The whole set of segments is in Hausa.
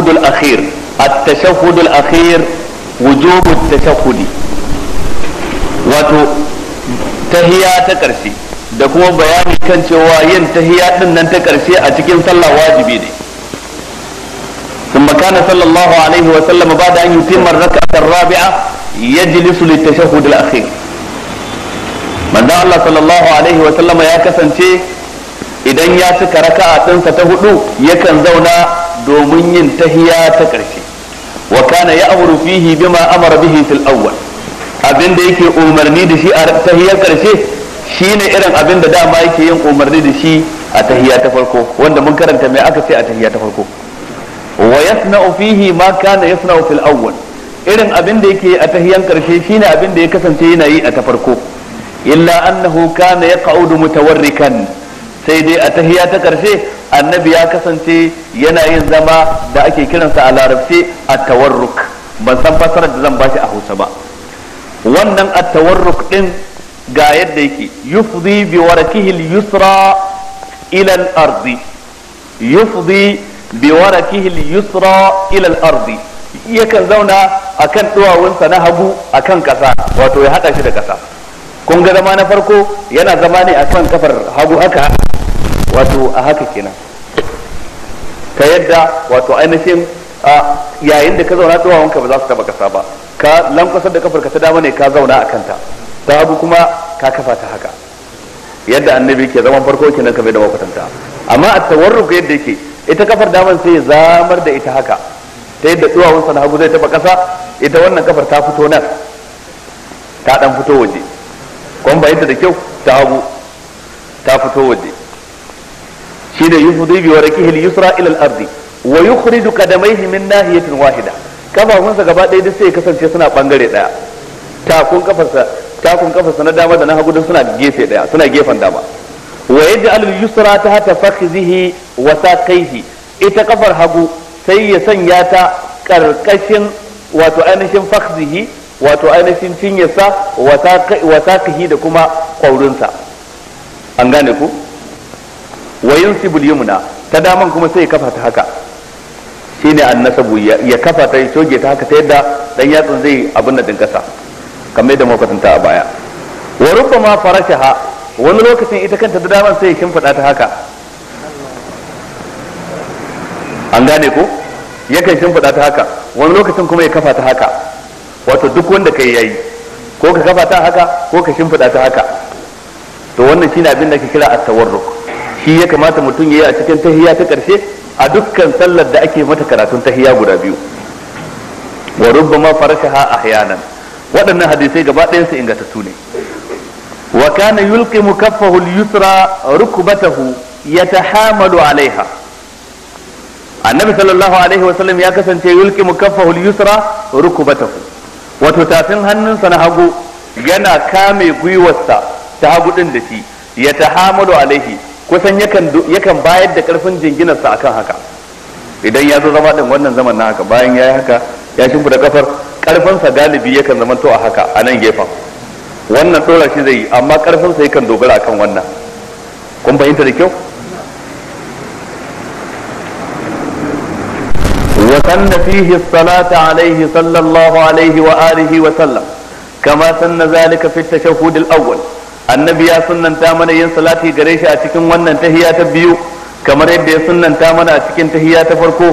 التشهد الأخير التشهد الأخير وجوب التشهد wato tahiya ta ƙarshe da kuma bayani kan cewa yin tahiya din nan ta ƙarshe a cikin sallah wajibi ne ثم كان صلى الله عليه وسلم بعد أن يتم الركعة الرابعة يجلس للتشهد الأخير من الله صلى الله عليه وسلم يا كسنتي idan ya cika raka'a ɗinsa ta hudu yakan zauna domin yin tahiya ta ƙarshe wa kana ya'muru fihi bima amara bihi fil awwal abin da yake umarni da shi a tahiyar ƙarshe shine irin abin da dama yake yin umarni da shi a tahiya ta farko wanda mun karanta mai aka ce a tahiya ta farko wa yasna'u fihi ma kana yasna'u fil awwal irin abin da yake a tahiyar ƙarshe shine abin da ya kasance yana yi a ta farko illa annahu kana yaq'udu mutawarrikan sai dai a tahiya ta ƙarshe annabi ya kasance yana yin zama da ake kiransa a larabce a tawarruk ban san fasarar da zan bashi a Hausa ba wannan a tawarruk din ga yadda yake yufzi bi warakihil yusra ila al-ardi yufzi bi warakihil yusra ila al-ardi yakan zauna akan duwawunsa na hagu akan kasa wato ya hada shi da kasa kun ga zama na farko yana zama ne akan kafar hagu haka wato a haka kenan ta yadda wato ainihin yayin da ka zauna duwawanka ba za su taba kasa ba ka lankwasar da kafarka ta dama ne ka zauna a kanta ta abu kuma ka kafa ta haka yadda annabi ke zaman farko nan kamar da makwatanta amma a tawarruk yadda yake ita kafar daman sai ya zamar da ita haka ta yadda duwawunsa na hagu zai taba kasa ita wannan kafar ta fito nan ta dan fito waje kwan ba yadda da kyau ta hagu ta fito waje shine yuhdi bi warakihi yusra ila al-ardi wa yukhriju qadamayhi min nahiyatin wahida kafafunsa gaba ɗaya duk sai kasance suna bangare daya takun kafarsa takun kafarsa na dama da na hagu suna gefe daya suna gefen dama wa yaj'al al-yusra tahta fakhizihi wa saqayhi ita kafar hagu sai ya sanya ta karkashin wato ainihin fakhizihi wato ainihin cinyarsa wa saqihi da kuma kwaurinsa an gane ku wa yansibul yumna ta daman kuma sai ya kafa ta haka shine annasabu ya kafa ta shoge ta haka ta yadda dan yatsun zai abin da dinkasa kasa kamar da muka a baya wa rubbama farashaha wani lokacin ita kanta da daman sai ya shimfida ta haka an gane ko yakan shimfida ta haka wani lokacin kuma ya kafa ta haka wato duk wanda kai yayi ko ka kafa ta haka ko ka shimfida ta haka to wannan shine abin da ake kira at-tawarruk shi ya kamata mutum ya yi a cikin tahiya ta karshe a dukkan sallar da ake mata karatun tahiya guda biyu wa rubbama farashaha ahyanan waɗannan hadisai gaba ɗayan su ingantattu ne wa kana yulqimu kaffahu al-yusra rukbatahu yatahamalu alaiha annabi sallallahu alaihi wa sallam ya kasance yulqimu kaffahu al-yusra rukbatahu wato tafin hannunsa na hagu yana kame gwiwarsa ta hagu ɗin da shi ya yatahamalu alaihi kusan yakan bayar da karfin jinginarsa akan haka idan ya zo zama din wannan zaman na haka bayan ya yi haka ya shimfida kafar karfinsa galibi yakan zama to a haka a nan gefen wannan dora shi zai yi amma karfinsa yakan dogara akan wannan kun fahimta da kyau وسن فيه alaihi عليه alaihi wa عليه وآله وسلم كما سن ذلك في التشهد awwal. annabi ya sunnanta mana yin salati gare shi a cikin wannan tahiyya ta biyu kamar yadda ya sunnanta mana a cikin tahiya ta farko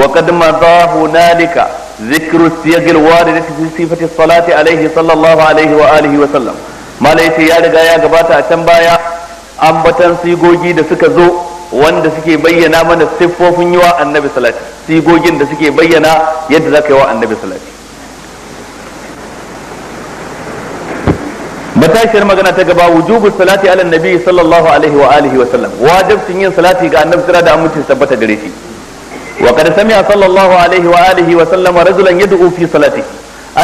wa qad madha hunalika zikru siyagil waridati fi sifati salati alaihi sallallahu alaihi wa alihi wa sallam malai ya riga ya gabata a can baya an ambatan sigogi da suka zo wanda suke bayyana mana siffofin yi annabi salati sigogin da suke bayyana yadda zaka yi wa annabi salati matashiyar magana ta gaba wujubu salati ala nabi sallallahu alaihi wa alihi wa sallam wajibcin yin salati ga annabi sira da amincin tabbata gare shi wa kada sami'a sallallahu alaihi wa alihi wa sallam rajulan yad'u fi salati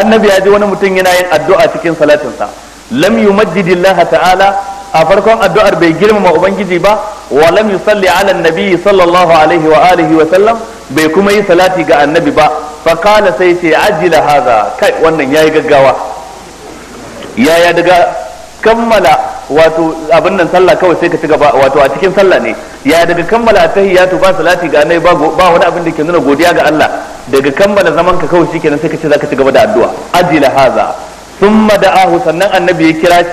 annabi ya ji wani mutum yana yin addu'a cikin salatin sa lam ta'ala a farkon addu'ar bai girmama ubangiji ba wa lam yusalli ala nabi sallallahu alaihi wa alihi wa sallam bai kuma yi salati ga annabi ba fa qala sai ce ajila hadha kai wannan yayi gaggawa yaya daga kammala wato abin nan sallah kawai sai ka ci gaba wato a cikin sallah ne yaya daga kammala tahiyatu ba salati ga annabi ba wani abin da ke nuna godiya ga Allah daga kammala zaman ka kawai shikenan sai ka ce zaka ci gaba da addu'a ajila haza thumma da'ahu sannan annabi ya kira shi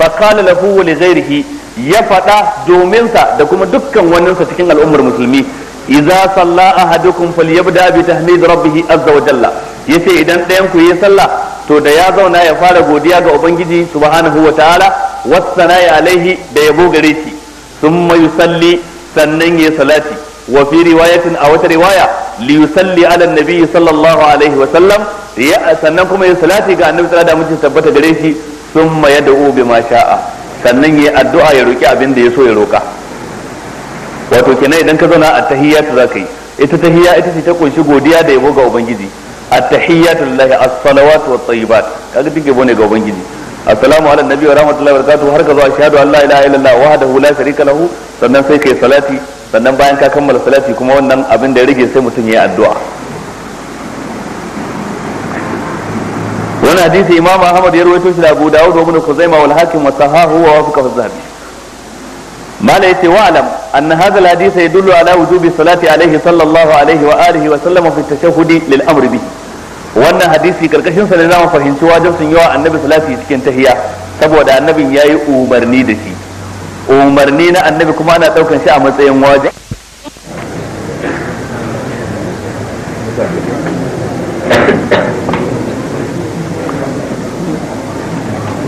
fa qala lahu wa li ya faɗa domin sa da kuma dukkan sa cikin al'ummar musulmi idza salla ahadukum falyabda bi tahmid rabbih azza wa jalla yace idan ɗayan ku yi sallah to da ya zauna ya fara godiya ga ubangiji subhanahu wa ta'ala wasana'i alaihi da yabo gare shi thumma salli sannan ya salati wa fi riwayatin a wata riwaya li yusalli ala nabi sallallahu alaihi wa sallam ya sannan kuma ya salati ga annabi sallallahu alaihi tabbata gare shi thumma bi ma sha'a sannan ya addu'a ya roki abin da ya so ya roka wato kenan idan ka zauna a za ka yi ita tahiyya ita ce ta kunshi godiya da yabo ga ubangiji at-tahiyyatu lillahi as-salawatu wat-tayyibat kaga duk yabo ga ubangiji assalamu ala nabi wa rahmatullahi wa barakatuh har ka zo ashhadu an la ilaha illallah wahdahu la sharika lahu sannan sai kai salati sannan bayan ka kammala salati kuma wannan abin da ya rage sai mutum ya yi addu'a wannan hadisi imam ahmad ya rawaito shi da abu dawud wa ibn khuzaimah wal hakim wa sahahu wa wafaqa az-zahabi mala yace wa alam anna hadha al-hadith yadullu ala wujubi salati alayhi sallallahu alayhi wa alihi wa sallama fi at-tashahhud lil amri bihi wannan hadisi karkashin sa ne zamu fahimci wajen sun yawa annabi salati cikin tahiya saboda annabin yayi umarni da shi umarni na annabi kuma ana daukan shi a matsayin waje.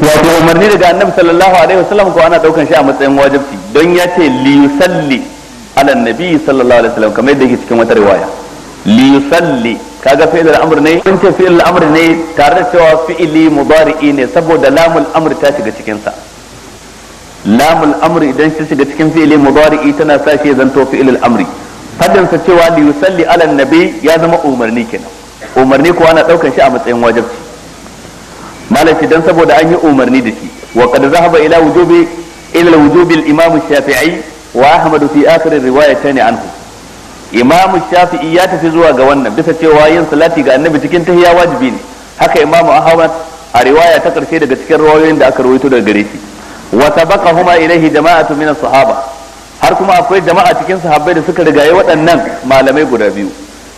wato umarni daga annabi sallallahu alaihi wasallam ko ana daukan shi a matsayin wajibi don ya ce li yusalli ala nabi sallallahu alaihi wasallam kamar yadda yake cikin wata riwaya li yusalli kaga fi'il al-amr ne in ce fi'il al ne tare da cewa fi'ili mudari'i ne saboda lamul amr ta shiga cikin sa lamul amr idan ta shiga cikin fi'ili mudari'i tana sa shi zanto fi'il al-amr sa cewa li yusalli ala nabi ya zama umarni kenan umarni kuwa ana daukar shi a matsayin wajibi malaki dan saboda an yi umarni da shi wa kad zahaba ila wujubi ila wujubi al-imam shafi'i wa ahmad fi akhir riwayatani anhu imam shafi'i ya tafi zuwa ga wannan bisa cewa yin salati ga annabi cikin tahiyya wajibi ne haka imam ahmad a riwaya ta karshe daga cikin rawayoyin da aka rawaito daga gare shi wa huma ilayhi jama'atu min sahaba har kuma akwai jama'a cikin sahabbai da suka rigaye waɗannan malamai guda biyu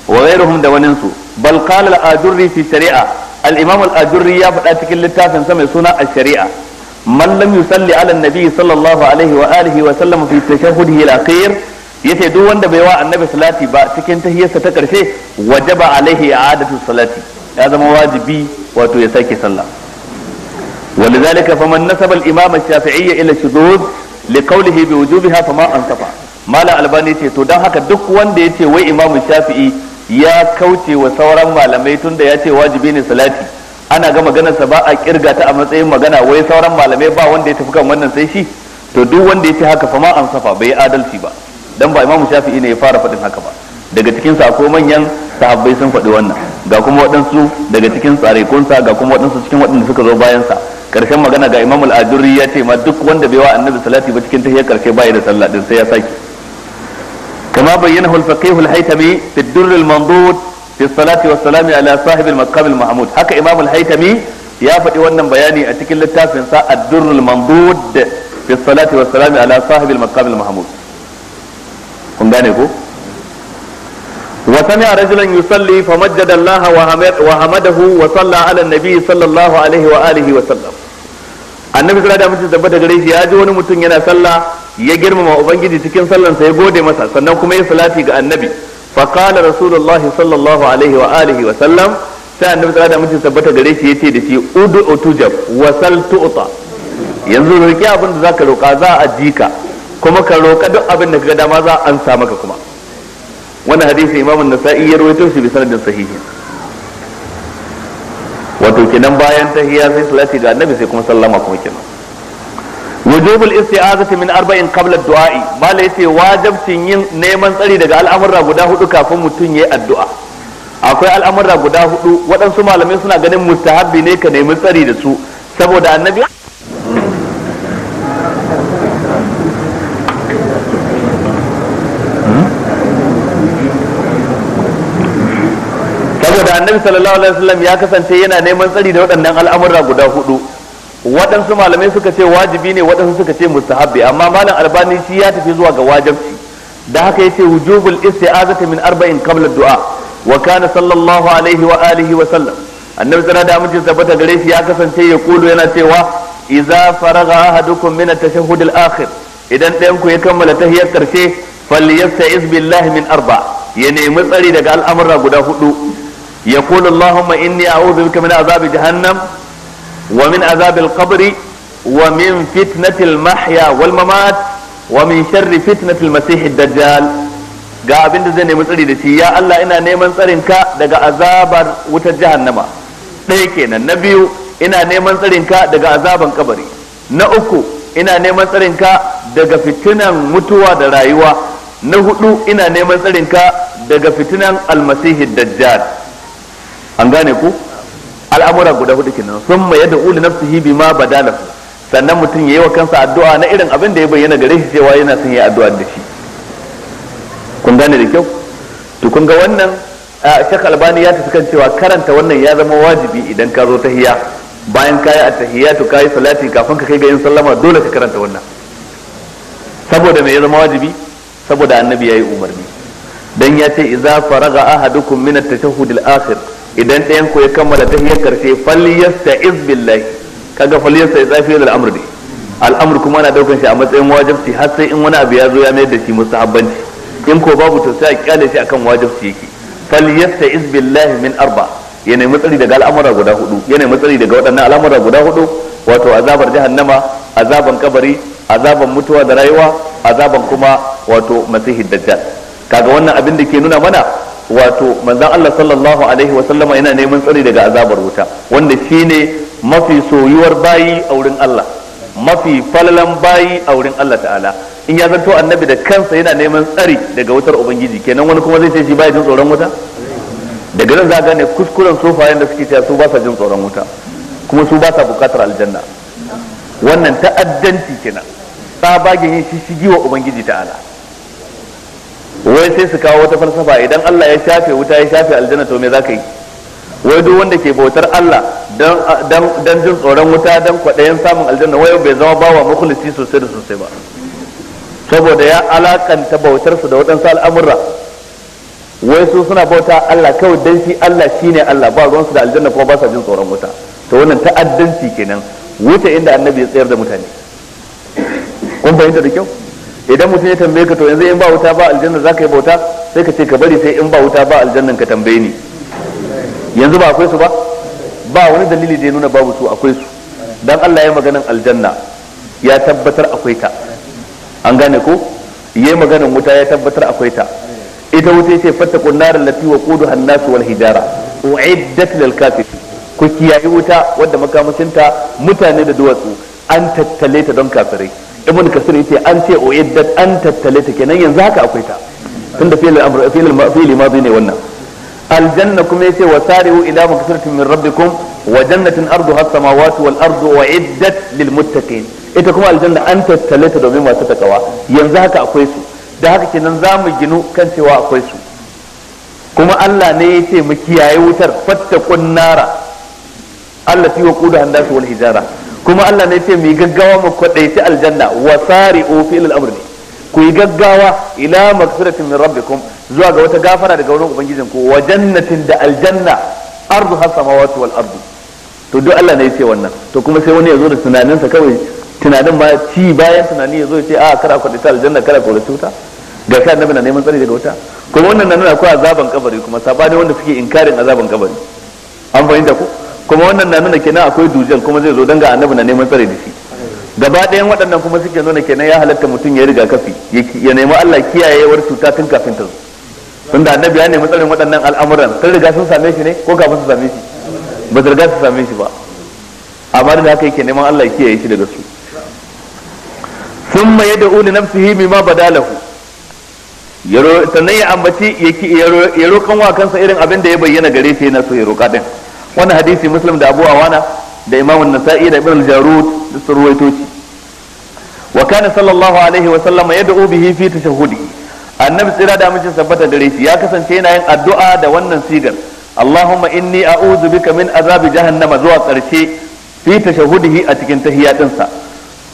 wa ghairuhum da wanin su bal qala al-ajurri fi shari'a al-imam al-ajurri ya faɗa cikin littafin sa mai suna al sharia man lam yusalli ala an-nabi sallallahu alaihi wa alihi wa sallam fi tashahhudihi al-akhir yace duk wanda bai wa annabi salati ba cikin tahiyarsa ta karshe wajaba alaihi i'adatu salati ya zama wajibi wato ya sake sallah ولذلك فمن نسب الامام الشافعي الى الشذوذ لقوله بوجوبها فما انصفا مال الباني ce to dan haka duk wanda yace wai imam shafi'i ya kauce wa sauran malamai tunda yace wajibi ne salati ana ga maganar sa ba a kirga ta a matsayin magana wai sauran malamai ba wanda ya tafi kan wannan sai shi to duk wanda yace haka fa ma ansafa bai adalci ba dan ba imamu shafi'i ne ya fara faɗin haka ba daga cikin sa ko manyan sahabbai sun faɗi wannan ga kuma waɗansu daga cikin kunsa ga kuma waɗansu cikin waɗanda suka zo bayan sa karshen magana ga imamul ajurri ya ce ma duk wanda bai wa annabi salati ba cikin tahiyar karshe bai da sallah din sai ya saki kama bayyana hul faqih al haytami fi durr al mandud fi salati was salami ala sahib al maqam al mahmud haka imam al haytami ya fadi wannan bayani a cikin littafin sa ad durr al mandud fi salati salami ala sahib al maqam al mahmud kun gane ko wa sami'a rajulan yusalli fa majjada Allah wa hamadahu wa salla ala nabi sallallahu alaihi wa alihi wa sallam annabi sallallahu alaihi wa sallam gare shi ya ji wani mutum yana salla ya girmama ubangiji cikin sallan sa ya gode masa sannan kuma ya salati ga annabi fa qala rasulullah sallallahu alaihi wa alihi wa sallam sai annabi sallallahu alaihi wa wasallam tabbata gare shi yace da shi ud'u utujab wa sal tu'ta yanzu roki abin da zaka roka za a ji kuma ka roƙa duk abin da ka dama za an ansa maka kuma wannan hadisi imam an-nasa'i ya rawaito shi bi sanadin sahihi wato kenan bayan tahiyya sai salati ga annabi sai kuma sallama kuma kenan wujubul isti'azati min arba'in qabla ad-du'a'i mala yace wajibcin yin neman tsari daga al'amurra guda hudu kafin mutun yayi addu'a akwai al'amurra guda hudu waɗansu malamai suna ganin mustahabbi ne ka nemi tsari da su saboda annabi annabi sallallahu alaihi wasallam ya kasance yana neman tsari da waɗannan al'amura guda hudu waɗansu malamai suka ce wajibi ne waɗansu suka ce mustahabbi amma malam albani shi ya tafi zuwa ga wajibci da haka yace wujubul isti'azati min arba'in qabla du'a wa kana sallallahu alaihi wa alihi wa sallam annabi sallallahu alaihi wasallam tabbata gare shi ya kasance ya kulu yana cewa idza faraga ahadukum min at-tashahhud al-akhir idan ɗayan ku ya kammala tahiyyar karshe falyasta'iz billahi min arba ya nemi tsari daga al'amura guda hudu يقول اللهم إني أعوذ بك من عذاب جهنم ومن عذاب القبر ومن فتنة المحيا والممات ومن شر فتنة المسيح الدجال ga abin da zai nemi tsari da shi ya Allah ina neman tsarinka daga azabar wutar jahannama ɗaya kenan na biyu ina neman tsarinka daga azaban kabari na uku ina neman tsarinka daga fitinan mutuwa da rayuwa na hudu ina neman tsarinka daga fitinan almasihi dajjal an gane ku al'amura guda hudu kenan sun mai yadda uli nafsihi bi ma badala sannan mutum ya yi wa kansa addu'a na irin abin da ya bayyana gare shi cewa yana son yi addu'a da shi kun gane da kyau to kun ga wannan shek Albani ya tafi kan cewa karanta wannan ya zama wajibi idan ka zo tahiya bayan kayi ka kayi salati kafin ka kai ga yin sallama dole ka karanta wannan saboda me ya zama wajibi saboda annabi ya yi umarni dan ya ce idza faraga ahadukum min at-tashahhud al-akhir idan ɗayan ku ya kammala tahiyar karshe falyasta'iz billahi kaga falyasta'iz ai fi'il al ne al'amur kuma na daukan shi a matsayin wajibci har sai in wani abu ya zo ya mayar da shi musahabbanci in ko babu to sai a kyale shi akan wajibci yake falyasta'iz billahi min arba yanayi nemi daga al'amura guda hudu yanayi nemi daga waɗannan al'amura guda hudu wato azabar jahannama azaban kabari azaban mutuwa da rayuwa azaban kuma wato masihi dajjal kaga wannan abin da ke nuna mana wato manzon Allah sallallahu alaihi wa sallama yana neman tsari daga azabar wuta wanda shine mafi soyuwar bayi a wurin Allah mafi falalan bayi a wurin Allah ta'ala in ya zanto annabi da kansa yana neman tsari daga wutar ubangiji kenan wani kuma zai ce shi baya jin tsoron wuta daga nan za gane kuskuren sofayen da suke cewa su ba sa jin tsoron wuta kuma su ba sa bukatar aljanna wannan ta'addanci kenan tsabagen yin shigi wa ubangiji ta'ala wai sai su kawo wata falsafa idan Allah ya shafe wuta ya shafe aljanna to me zaka yi wai duk wanda ke bautar Allah dan jin tsoron wuta dan kwaɗayin samun aljanna wai bai zama bawa mukhlisi sosai da sosai ba saboda ya alakanta bautarsu da waɗansu al'amurra wai su suna bauta Allah kawai dan shi Allah shine Allah ba su da aljanna kuma ba sa jin tsoron wuta to wannan ta'addanci kenan wuce inda annabi ya tsayar da mutane kun fahimta da kyau idan mutum ya tambaye ka to yanzu in ba wuta ba aljanna za ka yi bauta sai ka ce ka bari sai in ba wuta ba aljannan ka tambaye ni yanzu ba akwai su ba ba wani dalili da ya nuna babu su akwai su dan Allah ya maganan aljanna ya tabbatar akwai ta an gane ko ya maganan wuta ya tabbatar akwai ta ita wuta yace fattaqun nar allati wa an-nas wal hijara uiddat lil kafir ku kiyaye wuta wadda ta mutane da duwatsu an tattale ta don kafirai ibn kasir yace an ce o uiddat an tattale ta kenan yanzu haka akwai ta tunda fi'il amr fi'il fi'il madi ne wannan aljanna kuma yace wasari'u ila maghfiratin min rabbikum wa jannatin arduha as-samawati wal ardu wa uiddat lil muttaqin ita kuma aljanna an tattale ta domin masu takawa yanzu haka akwai su da haka kenan za mu ginu kan cewa akwai su kuma Allah ne ya ce mu kiyaye wutar fatta kunnara Allah fi wa handa hannasu wal hijara kuma Allah ne ce mu gaggawa mu kwadaiti aljanna wa tsari ofi al-amr ku yi gaggawa ila magfiratin min rabbikum zuwa ga wata gafara daga wurin ubangijin ku wa jannatin da aljanna ardu har samawati wal ardu to duk Allah ne ya ce wannan to kuma sai wani ya zo da tunaninsa kawai tunanin ma ci bayan tunani ya zo ya ce ah, a kara kwadaita aljanna kara kwadaita wuta ga sa annabi na neman tsari daga wuta kuma wannan na nuna ko azaban kabari kuma sabani wanda suke inkarin azaban kabari an fahimta ko kuma wannan na nuna kenan akwai dujal kuma zai zo dan ga annabi na neman tsare da shi gaba ɗayan waɗannan kuma suke nuna kenan ya halatta mutum ya riga kafi ya nemi Allah kiyayewar cuta tun kafin ta zo tun da annabi ya nemi tsarin waɗannan al'amuran sun riga sun same shi ne ko kafin su same shi ba su riga su same shi ba amma da haka yake neman Allah kiyaye shi daga su sun maye da uli nafsihi mimma badalahu sannan ya ambaci ya roƙan wa kansa irin abin da ya bayyana gare shi yana so ya roƙa wani hadisi muslim da abu awana da imam nasa'i da ibn al-jarud da surwaito shi wa kana sallallahu alaihi wa sallama yad'u bihi fi tashahhudi annabi tsira da mace sabbata dare shi ya kasance yana yin addu'a da wannan sigar allahumma inni a'udhu bika min azabi jahannama zuwa karshe fi tashahudihi a cikin tahiyatinsa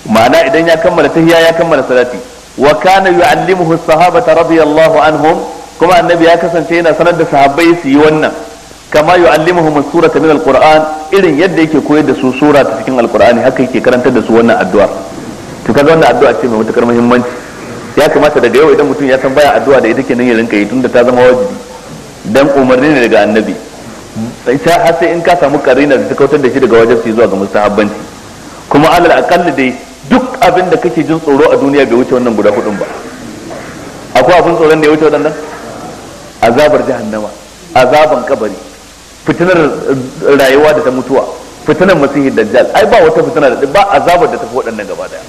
ma'ana idan ya kammala tahiya ya kammala salati wa kana yu'allimuhu as-sahabata radiyallahu anhum kuma annabi ya kasance yana sanar da sahabbai su yi wannan kama yu'allimuhum surata min alquran irin yadda yake koyar da su sura ta cikin alqurani haka yake karantar da su wannan addu'a to kaga wannan addu'a ce mai matukar muhimmanci ya kamata daga yau idan mutum ya san baya addu'a da ita kenan ya rinka yi tunda ta zama wajibi dan umarni ne daga annabi sai har sai in ka samu karina da ta kautar da shi daga wajen su zuwa ga mustahabbanci kuma alal aqall dai duk abin da kake jin tsoro a duniya bai wuce wannan guda hudun ba akwai abin tsoron da ya wuce wadannan azabar jahannama azaban kabari fitinar eh, rayuwa da ta mutuwa fitinar masihi dajjal ai ba wata fitina da ba azabar da tafi waɗannan gaba daya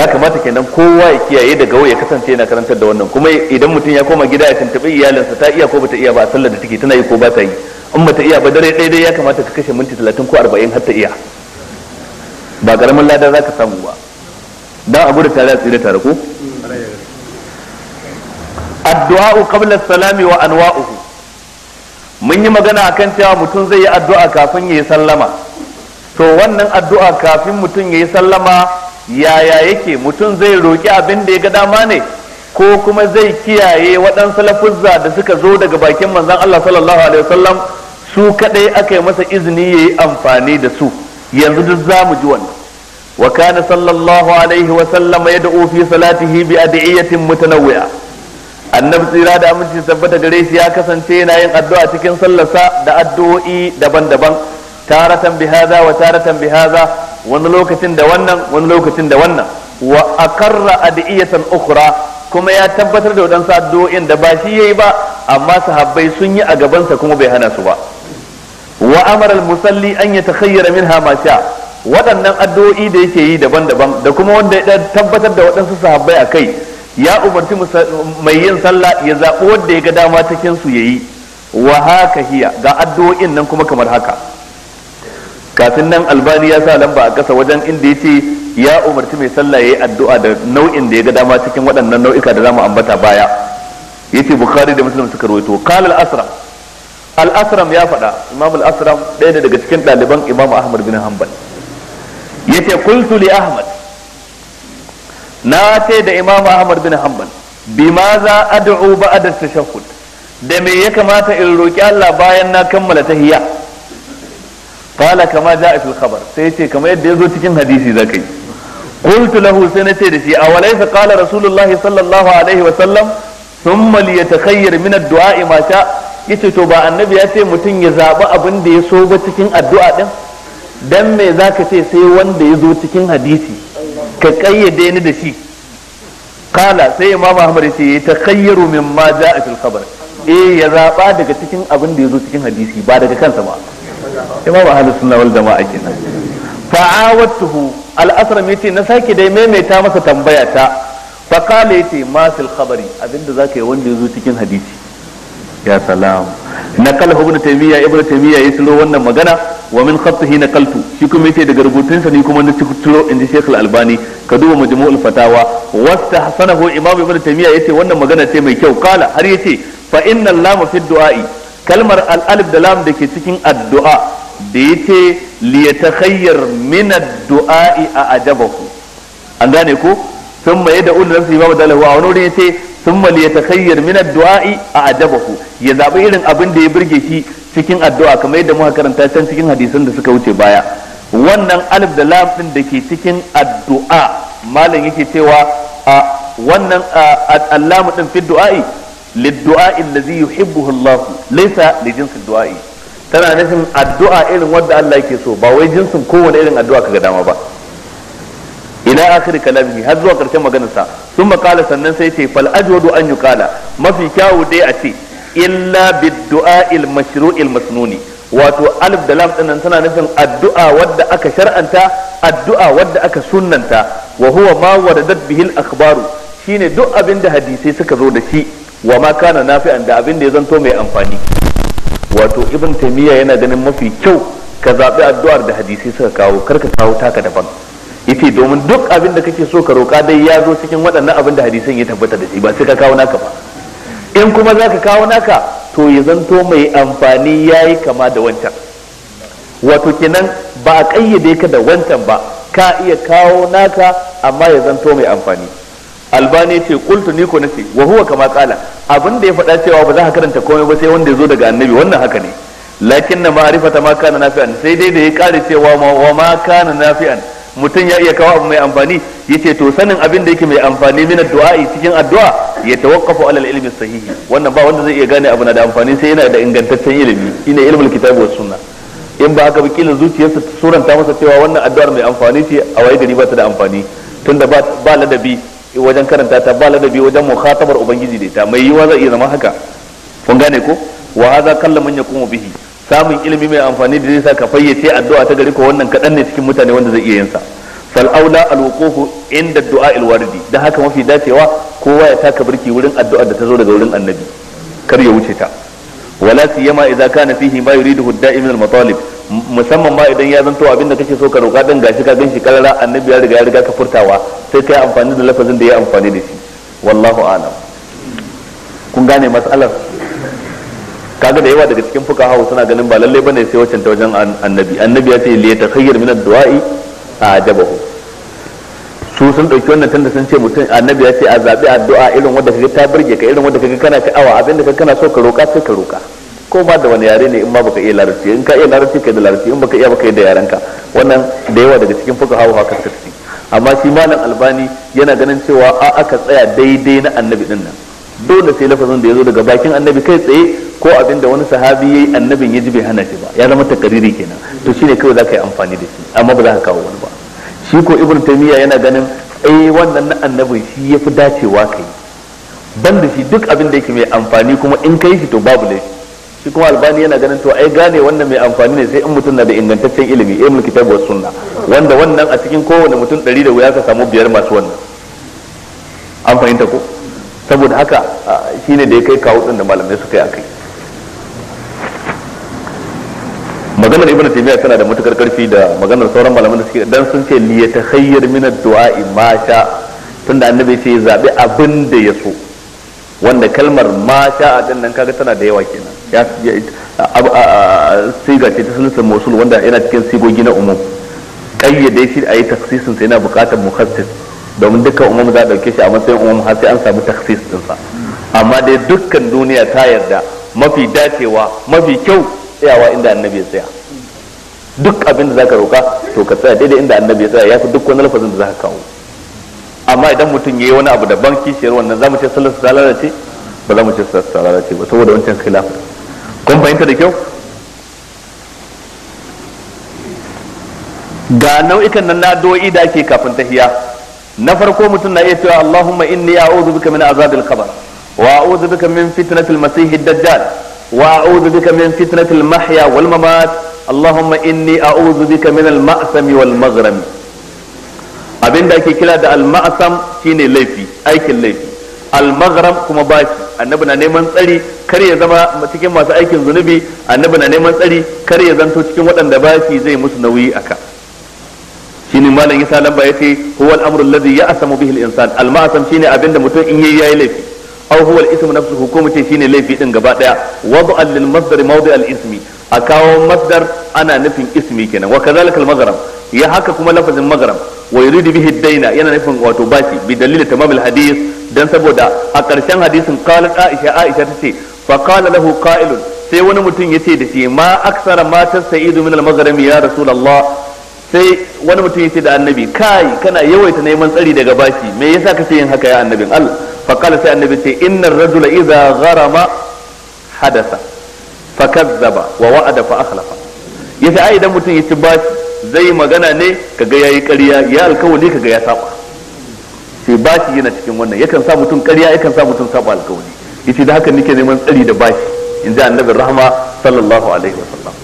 ya kamata kenan kowa ya kiyaye daga gawo ya kasance yana karantar da wannan kuma idan mutum ya koma gida ya tuntuɓi iyalinsa ta iya ko bata iya ba a sallar da take tana yi ko ba yi in bata iya ba dare ɗaya dai ya kamata ka kashe minti talatin ko arba'in har ta iya ba ƙaramin lada za ka samu ba don a gudu tare a tsira tare ko addu'a kabla salami wa anwa'uhu mun yi magana akan cewa mutum zai yi addu'a kafin ya yi sallama to wannan addu'a kafin mutum ya yi sallama yaya yake mutum zai roƙi abin da ya ga dama ne ko kuma zai kiyaye waɗansu lafuzza da suka zo daga bakin manzon Allah sallallahu alaihi wasallam su kadai aka yi masa izini yayi amfani da su yanzu duk zamu ji wannan wa kana sallallahu alaihi wasallam yad'u fi salatihi bi adiyatin mutanawwi'a annabi tsira da aminci tabbata gare shi ya kasance yana yin addu'a cikin sallarsa da addu'o'i daban-daban taratan bihaza wa taratan bihaza wani lokacin da wannan wani lokacin da wannan wa akarra adiyatan ukhra kuma ya tabbatar da wadansu addu'o'in da ba shi yayi ba amma sahabbai sun yi a gabansa kuma bai hana su ba wa amara musalli an yatakhayyara minha ma sha waɗannan addu'o'i da yake yi daban-daban da kuma wanda ya tabbatar da waɗansu sahabbai a kai ya umarci mai yin sallah ya zaɓi wanda ya ga dama cikin su yayi wa haka hiya ga addu'o'in nan kuma kamar haka kafin nan albani ya sa lamba a ƙasa wajen inda ya ce ya umarci mai sallah ya yi addu'a da nau'in da ya ga dama cikin waɗannan nau'ika da zamu ambata baya Ya ce bukhari da muslim suka rawaito kala al-asram al-asram ya faɗa imam al-asram ɗaya ne daga cikin ɗaliban imam ahmad bin hanbal yace kultu li ahmad na ce da imamu ahmad bin hanbal bima za ad'u ba'da tashahhud da me ya kamata in roki Allah bayan na kammala tahiyya qala kama ja'a fil khabar sai ce kamar yadda yazo cikin hadisi zakai qultu lahu sai nace da shi awalaysa qala rasulullah sallallahu alaihi wa sallam thumma liyatakhayyar min ad-du'a ma sha yace to ba annabi ya ce mutum ya zaba abin da ya so ba cikin addu'a din dan me zaka ce sai wanda ya zo cikin hadisi ka kayyade ni da shi kala sai imam ahmad yace ya min ma jaa fil khabar eh ya zaba daga cikin abin da yazo cikin hadisi ba daga kansa ba imam ahlus sunna wal jamaa kenan fa'awatuhu al ya ce na sake dai maimaita masa tambaya ta fa kala yace ma fil khabari abinda zaka yi wanda yazo cikin hadisi ya salam naqalahu ibn taymiya ibn taymiya ya tsiro wannan magana wa min khattihi naqaltu shi kuma yace daga rubutun sa ni kuma na tsiro inji Sheikh al-Albani ka duba majmu'ul fatawa wastahsanahu imam ibn taymiya yace wannan magana ce mai kyau kala har yace fa inna lam fi du'a'i kalmar al-alif da lam dake cikin addu'a da yace li yatakhayyar min ad-du'a'i a an gane ko sun maye da ulun nafsi imam dalahu a wani wurin yace thumma liyatakhayyar min ad-du'a'i a'jabahu ya zabi irin abin da ya burge shi cikin addu'a kamar yadda muka karanta can cikin hadisan da suka wuce baya wannan alif da lam din da ke cikin addu'a malam yake cewa a wannan allamu din fi du'a'i lid-du'a'i allazi yuhibbuhu Allah laysa li jinsi du'a'i tana nufin addu'a irin wanda Allah yake so ba wai jinsin kowane irin addu'a kaga dama ba ila akhir kalamihi har zuwa karshen sa sun makala sannan sai ce fal ajwadu an yuqala mafi kyawu dai a ce illa biddu'a il mashru'il masnuni wato alif da lam dinnan tana nufin addu'a wadda aka shar'anta addu'a wadda aka sunnanta wa huwa ma waradat bihi al akhbaru shine duk abin da hadisai suka zo da shi wa ma kana nafi'an da abin da ya zanto mai amfani wato ibn taymiya yana ganin mafi kyau ka zabi addu'ar da hadisai suka kawo karka kawo taka daban yace domin duk abin da kake so ka roƙa dai ya zo cikin waɗannan abin da hadisin ya tabbata da shi ba sai ka kawo naka ba in kuma za ka kawo naka to ya zanto mai amfani ya yi kama da wancan wato kenan ba a ƙayyade ka da wancan ba ka iya kawo naka amma ya zanto mai amfani albani ce kultu ni ko nace wa huwa kama kala abin da ya faɗa cewa ba za ka karanta komai ba sai wanda ya zo daga annabi wannan haka ne lakin na ma'arifata ma kana nafi'an sai dai da ya kare cewa wa ma kana nafi'an mutum ya iya kawo abu mai amfani ya ce to sanin abin da yake mai amfani min addu'a cikin addu'a ya tawaqqafu alal ilmi sahihi wannan ba wanda zai iya gane abu na da amfani sai yana da ingantaccen ilimi ina ilmul kitabi was sunna in ba haka ba kila zuciyarsa ta suranta masa cewa wannan addu'ar mai amfani ce a waye gari ba ta da amfani tunda ba ba ladabi wajen karanta ta ba ladabi wajen mukhatabar ubangiji da ta mai yiwa zai iya zama haka kun gane ko wa hadha kallaman yakumu bihi samun ilimi mai amfani da zai sa ka fayyace addu'a ta gari ko wannan kaɗan ne cikin mutane wanda zai iya yin sa fal aula al wuqufu inda du'a al waridi da haka mafi dacewa kowa ya taka birki wurin addu'a da ta zo daga wurin annabi kar ya wuce ta wala siyama idza kana fihi ma yuridu da'imin hudda al matalib musamman ma idan ya zanto abin da kake so ka roka dan gashi ka ganshi kalara annabi ya riga ya riga ka furtawa sai kai amfani da lafazin da ya amfani da shi wallahu a'lam kun gane matsalar kaga da yawa daga cikin hawa suna ganin ba lalle bane sai wacce ta wajen annabi annabi ya ce li yatakhayyar min ad-du'a'i jabahu su sun dauki wannan tunda sun ce mutum annabi ya ce a zabi addu'a irin wanda kaga ta burge ka irin wanda kaga kana sha'awa abinda kaga kana so ka roka sai ka roka ko ba da wani yare ne in ma baka iya larabci in ka iya larabci kai da larabci in baka iya baka da yaren ka wannan da yawa daga cikin fuka hawa haka suka amma shi malam albani yana ganin cewa a aka tsaya daidai na annabi din nan dole sai lafazin da ya zo daga bakin annabi kai tsaye ko abin da wani sahabi yayi annabin ya ji bai hana shi ba ya zama takariri kenan to shine kawai zaka yi amfani da shi amma ba za ka kawo wani ba shi ko ibnu taymiya yana ganin eh wannan na annabin shi yafi dacewa kai ban da shi duk abin da yake mai amfani kuma in kai shi to babu laifi shi kuma albani yana ganin to ai gane wannan mai amfani ne sai in mutum na da ingantaccen ilimi ilmul kitab was sunna wanda wannan a cikin kowane mutum 100 da wuya ka samu biyar masu wannan an fahimta ko saboda haka shine da ya kai kawo din da malamai suka yi akai maganar ibnu taymiya tana da matukar karfi da maganar sauran malaman da suke dan sun ce li yatakhayyar min ad duai ma sha tunda annabi ce zabi abin da ya so wanda kalmar ma sha din nan kaga tana da yawa kenan ya siga ce ta sunan mosul wanda yana cikin sigogi na umum kayyade shi a yi taksisin sai yana bukatar mukhassis domin dukkan umar za a dauke shi a matsayin umar har sai an samu taksis dinsa amma dai dukkan duniya ta yarda mafi dacewa mafi kyau tsayawa inda annabi ya tsaya duk abin da zaka roka to ka tsaya daidai inda annabi ya tsaya ya fi duk wani lafazin da zaka kawo amma idan mutum ya yi wani abu daban kishiyar wannan za mu ce sallar ta lalace ba za mu ce sallar ta lalace ba saboda wancan khilaf kun fahimta da kyau ga nau'ikan nan na do'i da ake kafin tahiya na farko mutum na iya cewa Allahumma inni a'udhu bika min azabil qabr wa a'udhu bika min fitnatil masih dajjal wa a'udhu bika min fitnatil mahya wal mamat Allahumma inni a'udhu bika min al ma'sami wal maghrami abinda ake kira da al ma'sam shine laifi aikin laifi al maghram kuma bashi annabi na neman tsari kar ya zama cikin masu aikin zunubi annabi na neman tsari kar ya zanto cikin waɗanda bashi zai musu nauyi aka shine malam isa lamba yace huwa al-amru alladhi ya'samu bihi al-insan al-ma'sam shine abinda mutum in yayi yayi laifi aw huwa al-ismu nafsuhu ko mutum shine laifi din gaba daya wad'a lil masdar mawdi' al-ismi a kawo masdar ana nufin ismi kenan wa kadhalika al-maghrib ya haka kuma lafazin maghrib wa yuridu bihi daina yana nufin wato bashi bi dalili tamam al-hadith dan saboda a karshen hadisin qalat aisha aisha tace fa qala lahu qa'ilun sai wani mutum yace da shi ma aksara ma tasaidu min al-maghrib ya rasulullah sai wani mutum ya ce da annabi kai kana yawaita neman tsari daga bashi me yasa kace yin haka ya annabin Allah fa kala sai annabi ce innar rajula idza gharama hadasa fa kazzaba wa wa'ada fa akhlafa yace ai idan mutum ya ci bashi zai magana ne kaga yayi ƙarya ya alkawali kaga ya saba sai bashi yana cikin wannan yakan sa mutum ƙarya yakan sa mutum saba alkawali yace da haka nake neman tsari da bashi in ji annabin rahma sallallahu alaihi wasallam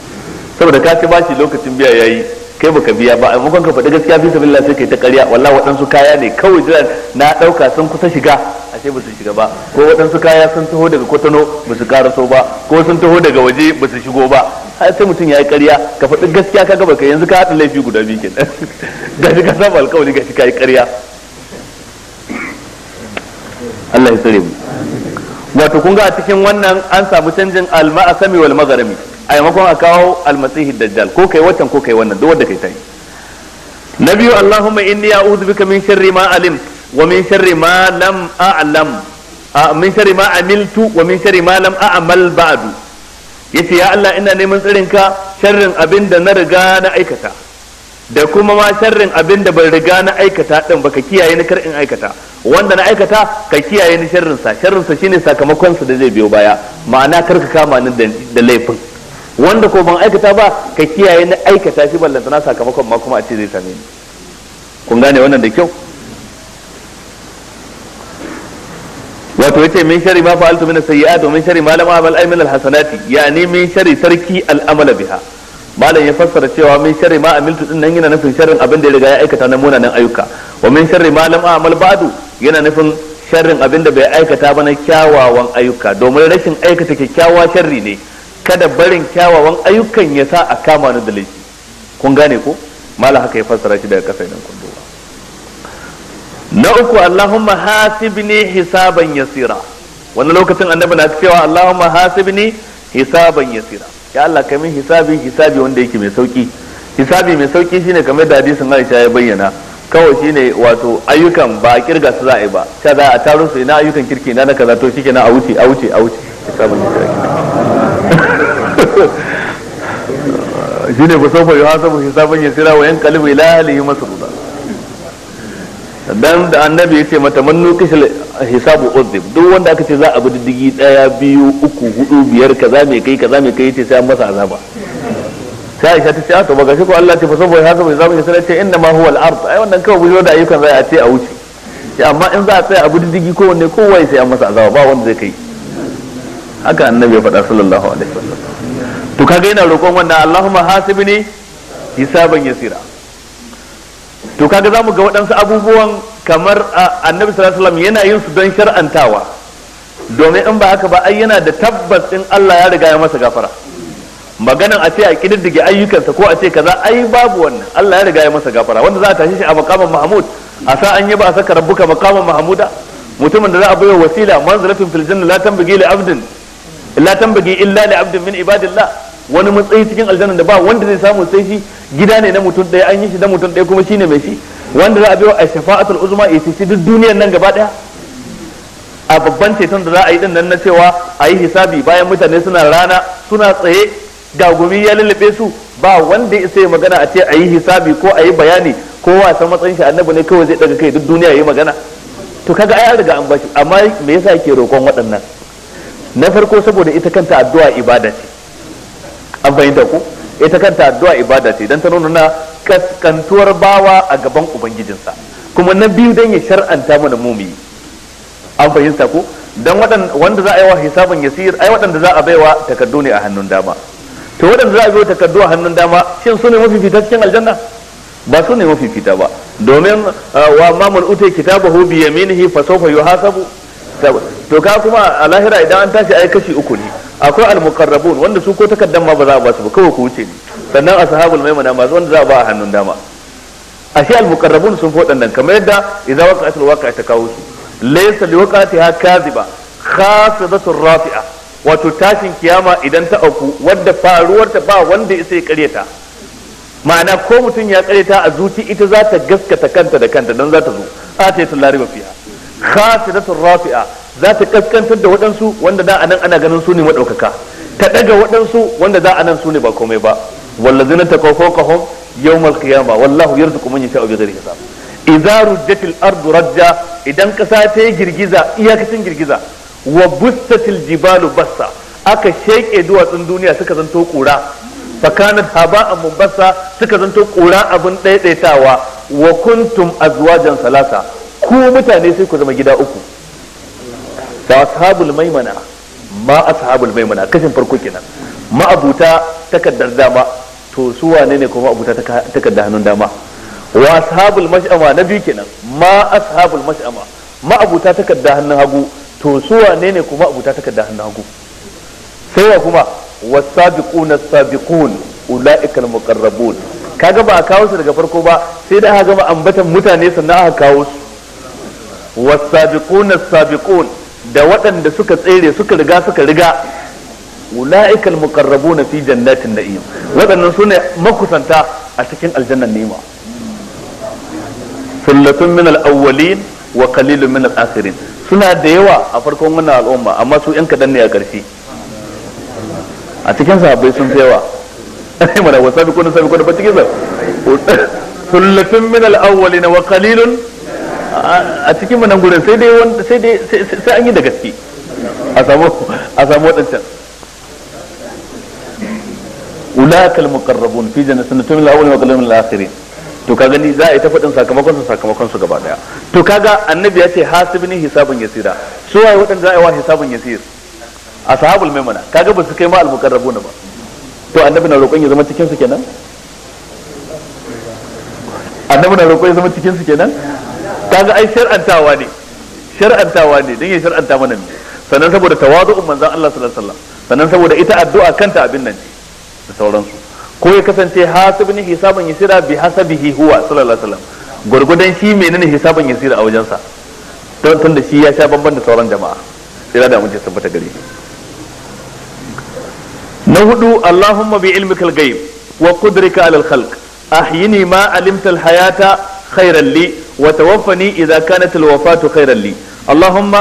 saboda ka ci bashi lokacin biya yayi kai baka biya ba amma maimakon ka faɗi gaskiya fi sabilillah sai kai ta ƙarya wallahi waɗansu kaya ne kawai jiran na ɗauka sun kusa shiga ashe ba su shiga ba ko waɗansu kaya sun taho daga kwatano ba su karaso ba ko sun taho daga waje ba su shigo ba har sai mutum ya yi ƙarya ka faɗi gaskiya ka gaba ka yanzu ka haɗa laifi guda biyu kenan shi ka saba alƙawari gashi ka yi ƙarya Allah ya tsare mu wato kun ga a cikin wannan an samu canjin alma'a maasami wal magharami a yamakon a kawo almasihi dajjal ko kai watan ko kai wannan duk wanda kai ta yi na biyu allahumma inni a'udhu bika min sharri ma alim wa min sharri ma lam a'lam min sharri ma amiltu wa min sharri ma lam a'mal ba'du yace ya Allah ina neman tsirin ka sharrin abin da na riga na aikata da kuma ma sharrin abin da ban riga na aikata din baka kiyaye ni kar in aikata wanda na aikata ka kiyaye ni sharrin sa sharrin sa shine sakamakon sa da zai biyo baya ma'ana kar ka kama ni da laifin wanda ko ban aikata ba ka kiyaye na aikata shi na sakamakon ma kuma a ce zai same ni kun gane wannan da kyau wato yace min shari ma fa'altu min sayyi'ati min shari ma lam a'mal ay min alhasanati yani min shari sarki al'amala biha malam ya fassara cewa min shari ma amiltu din nan yana nufin sharrin abin da ya riga ya aikata na munanan ayyuka wa min shari ma lam a'mal ba'du yana nufin sharrin abin da bai aikata ba na kyawawan ayyuka domin rashin aikata kyakkyawa sharri ne kada barin kyawawan ayyukan ya sa a kama na da laifi kun gane ko mala haka ya fassara shi daga kasa idan kun duba na uku allahumma hasibni hisaban yasira wani lokacin annabi na cewa allahumma hasibni hisaban yasira ya Allah kai min hisabi hisabi wanda yake mai sauki hisabi mai sauki shine kamar da hadisin Aisha ya bayyana kawai shine wato ayyukan ba kirga su za a yi ba ta za a taro su ina ayyukan kirki na na kaza to na a wuce a wuce a wuce hisabun yasira shine ba sofa yi hasabu hisaban yasira wa kalibu ila alihi masruda dan da annabi yace mata man nukishal hisabu uzib duk wanda aka ce za a bi diddigi daya biyu uku hudu biyar kaza mai kai kaza mai kai yace sai an masa azaba sai Aisha ta ce ah, to ba gashi ko Allah ce fa saboda hisabu ya yasira ce inna ma huwa al-ard ai wannan kawai bujo da ayyukan zai a ce a wuce amma in za a tsaya a bi diddigi kowanne wai sai an masa azaba ba wanda zai kai haka annabi ya faɗa sallallahu alaihi wasallam to kaga yana roƙon wannan Allahumma hasibni hisaban yasira to kaga zamu ga waɗansu abubuwan kamar annabi sallallahu alaihi wasallam yana yin su don shar'antawa domin in ba haka ba ai yana da tabbas in Allah ya riga ya masa gafara maganan a ce a kididdige ayyukansa ko a ce kaza ai babu wannan Allah ya riga ya masa gafara wanda za a tashi shi a makaman Mahmud a sa an yi ba a saka rabbuka makaman Mahmuda mutumin da za a wa wasila manzilatun fil janna la tanbaghi li abdin illa tambagi illa li abdin min ibadillah wani matsayi cikin aljanna da ba wanda zai samu sai shi gida ne na mutum ɗaya an yi shi da mutum ɗaya kuma shine mai shi wanda za a biyo a shafa'atul uzma ya ce duk duniyar nan gaba daya a babban ceton da za a yi din nan na cewa a yi hisabi bayan mutane suna rana suna tsaye ga gumi ya lullube su ba wanda ya sai magana a ce a yi hisabi ko a yi bayani ko wasan matsayin shi annabi ne kawai zai daga kai duk duniya ya yi magana to kaga ai an riga an bashi amma me yasa yake roƙon waɗannan na farko saboda ita kanta addu'a ibada ce an fahimta ku ita kanta addu'a ibada ce dan ta nuna na kaskantuwar bawa a gaban ubangijinsa kuma na biyu dan ya shar'anta mana mumi an fahimta ku dan wanda za a yi wa hisabun yasir ai waɗanda za a baiwa takardu ne a hannun dama to waɗanda za a wa takardu a hannun dama shin su ne mafi fita cikin aljanna ba su ne mafi fita ba domin ah, wa mamul utai kitabahu bi yaminihi fa sawfa yuhasabu to ka kuma a lahira idan an tashi ai kashi uku ne akwai al-muqarrabun wanda su ko takaddan ma ba za a ba su ba kawai ku wuce ne sannan ashabul maimuna masu wanda za a ba a hannun dama ashe al-muqarrabun sun fodan nan kamar yadda idza waqa'at al waqaa ta kawo su laysa liwaqatiha kaziba khasidatu rafi'a wato tashin kiyama idan ta auku wadda faruwarta ba wanda ya sai karyata ma'ana ko mutum ya karyata a zuci ita za ta gaskata kanta da kanta dan za ta zo a ta yi tun lariba fiya khasidatur rafi'a za ta kaskantar da waɗansu wanda da anan ana ganin su ne madaukaka ta ɗaga waɗansu wanda da anan su ne ba komai ba wallazina taqaw fawqahum yawmal qiyamah wallahu yarzuqu man yasha'u bighairi hisab idza rujjatil ardu rajja idan kasa ta yi girgiza iyakacin girgiza wa bustatil jibalu bassa aka sheke duwatsun duniya suka zanto kura fakanat haba'an mubassa suka zanto kura abin daidaitawa wa kuntum azwajan salasa ku mutane sai ku zama gida uku da ashabul maimana ma ashabul maimana kashin farko kenan ma abuta takaddar dama to su wane ne kuma abuta takaddar hannun dama wa ashabul mash'ama na biyu kenan ma ashabul mash'ama ma abuta takaddar hannun hagu to su wane ne kuma abuta takaddar hannun hagu sai wa kuma wasabiquna sabiqun ulaiikal muqarrabun kaga ba a kawo su daga farko ba sai da aka gama ambatan mutane sannan aka kawo su was-sabiquna da waɗanda suka tsere suka riga suka riga ulaikal muqarrabun fi jannatin na'im waɗannan sune makusanta a cikin aljannan ni'ima sullatun min al-awwalin wa qalilun min al-akhirin suna da yawa a farkon wannan al'umma amma su yanka kadan ne a ƙarshe a cikin sahabbai sun yawa mana wasabi kun sabi ba cikin sa sullatun min al-awwalin wa qalilun a cikin manan gurin sai dai sai sai an yi da gaske a samu a samu wadancan ulakal muqarrabun fi jannatin tumil awwal wa qalil akhirin to ka ni za a yi ta sakamakon su sakamakon su gaba daya to kaga annabi ya ce hasibni ya yasira su waye waɗanda za a yi wa hisaban yasir ashabul maimuna kaga ba su kai ma al muqarrabun ba to annabi na roƙon ya zama cikin su kenan annabi na roƙon ya zama cikin su kenan kaga ai shar'antawa ne shar'antawa ne dan ya shar'anta mana ne sannan saboda tawadu'un manzon Allah sallallahu alaihi wasallam sannan saboda ita addu'a kanta abin nan da sauransu ko ya kasance hasibin hisaban yasira bi hasabihi huwa sallallahu alaihi wasallam gurgudan shi menene hisaban yasira a wajensa don tun da shi ya sha bamban da sauran jama'a ila da mun ce tabbata gare na hudu allahumma bi ilmikal ghaib wa qudrika ala al-khalq ahyini ma alimta al-hayata khairan li وتوفني إذا كانت الوفاة خيرا لي اللهم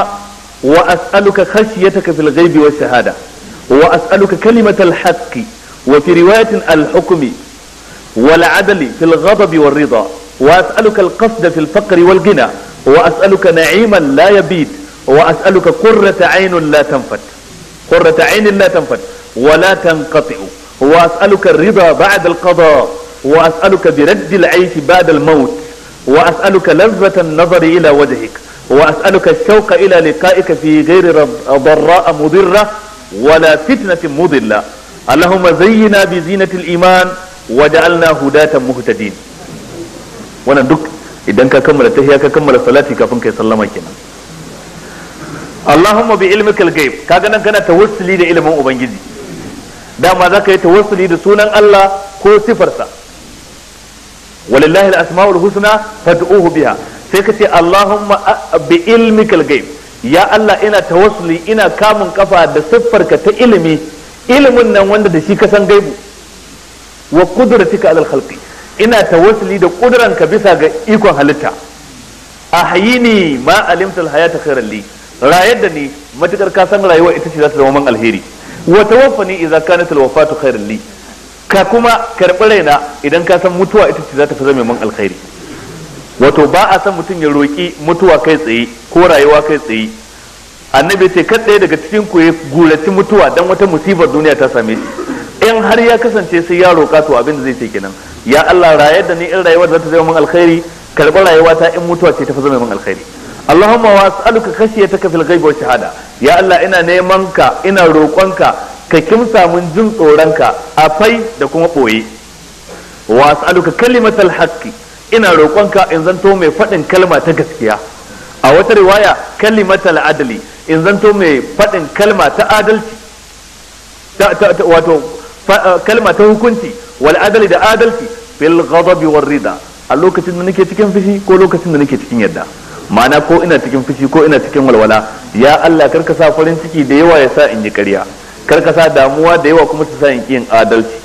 وأسألك خشيتك في الغيب والشهادة وأسألك كلمة الحق وفي رواية الحكم والعدل في الغضب والرضا وأسألك القصد في الفقر والغنى وأسألك نعيما لا يبيد وأسألك قرة عين لا تنفت قرة عين لا تنفت ولا تنقطع وأسألك الرضا بعد القضاء وأسألك برد العيش بعد الموت wa as'aluka lazzatan nazari ila wajhik wa as'aluka shauqa ila liqa'ika fi ghairi dharra'a mudirra wala fitnatin mudilla allahumma zayyina bi zinatil iman waja'alna hudatan muhtadin wannan duk idan ka kammala tahiyya ka kammala salati kafin kai sallama kenan allahuma bi ilmikal ghaib kaga nan kana tawassuli da ilimin ubangiji dama zaka yi tawassuli da sunan Allah ko sifarsa walillahi al-asmaul husna fad'uhu biha sai kace ce Allahumma bi ilmikal ghaib ya Allah ina tawassuli ina kamun kafa da siffarka ta ilimi ilimin nan wanda da shi ka san gaibu wa qudratika alal khalqi ina tawassuli da ka bisa ga ikon halitta ahyini ma alimtul hayata khairan li rayar da ni matukar ka san rayuwa ita ce za ta zama man alheri wa tawaffani idza kanat al wafatu khairan li ka kuma karɓi raina idan ka san mutuwa ita ce za ta fi zama man alkhairi wato ba a san mutum ya roƙi mutuwa kai tsaye ko rayuwa kai tsaye annabi ce kan ɗaya daga cikin ku ya gulaci mutuwa dan wata musibar duniya ta same shi in har ya kasance sai ya roƙa to abin da zai ce kenan ya Allah rayar da ni in rayuwa za ta zama mun alkhairi karɓi rayuwa ta in mutuwa ce ta fi zama mun alkhairi Allahumma was'aluka khashiyataka fil ghaibi wa shahada ya Allah ina neman ka ina roƙonka ka kimsa mun jin tsoronka a fai da kuma ɓoye wa as'aluka kalimatal haqqi ina roƙonka in zanto mai faɗin kalma ta gaskiya a wata riwaya kalimatal adali in zanto mai faɗin kalma ta adalci wato eh, kalma ta hukunci wal adali da adalci Bil ghadabi war rida a lokacin da nake cikin fushi ko lokacin da nake cikin yadda ma'ana ko ina cikin fushi ko ina cikin walwala ya Allah karka sa farin ciki da yawa ya sa in yi ƙarya karkasa damuwa da yawa kuma su sa in yin adalci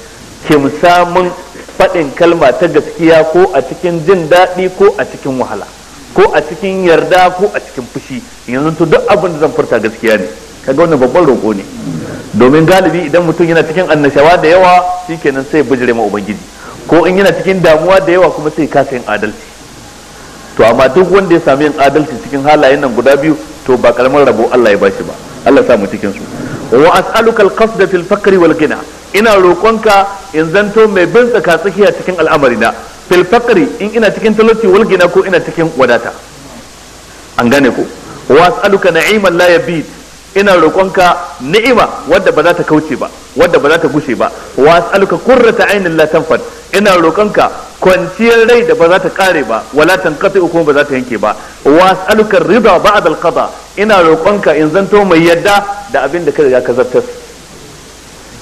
ke samun faɗin kalma ta gaskiya ko a cikin jin daɗi ko a cikin wahala ko a cikin yarda ko a cikin fushi yanzu to duk abin da zan furta gaskiya ne kaga wannan babban roƙo ne domin galibi idan mutum yana cikin annashawa da yawa shikenan sai bijire ma ubangiji ko in yana cikin damuwa da yawa kuma sai kasa yin adalci to amma duk wanda ya sami yin adalci cikin halayen nan guda biyu to ba karamar rabo Allah ya bashi ba Allah ya sa mu cikin su wa as'aluka al-qasd fil faqri wal ghina ina roƙonka in zanto mai bin tsaka tsakiya cikin al'amarina fil faqri in ina cikin talauci wal ghina ko ina cikin wadata an gane ku. wa as'aluka na'iman la yabid ina roƙonka ni'ima wadda ba za ta kauce ba wadda ba za ta gushe ba wa as'aluka qurrata aynin la tanfad ina roƙonka kwanciyar rai da ba za ta kare ba wala tanqati uku ba za ta yanke ba was'aluka rida ba'da al-qada ina roƙonka in zanto mai yadda da abin da ka riga ka zartar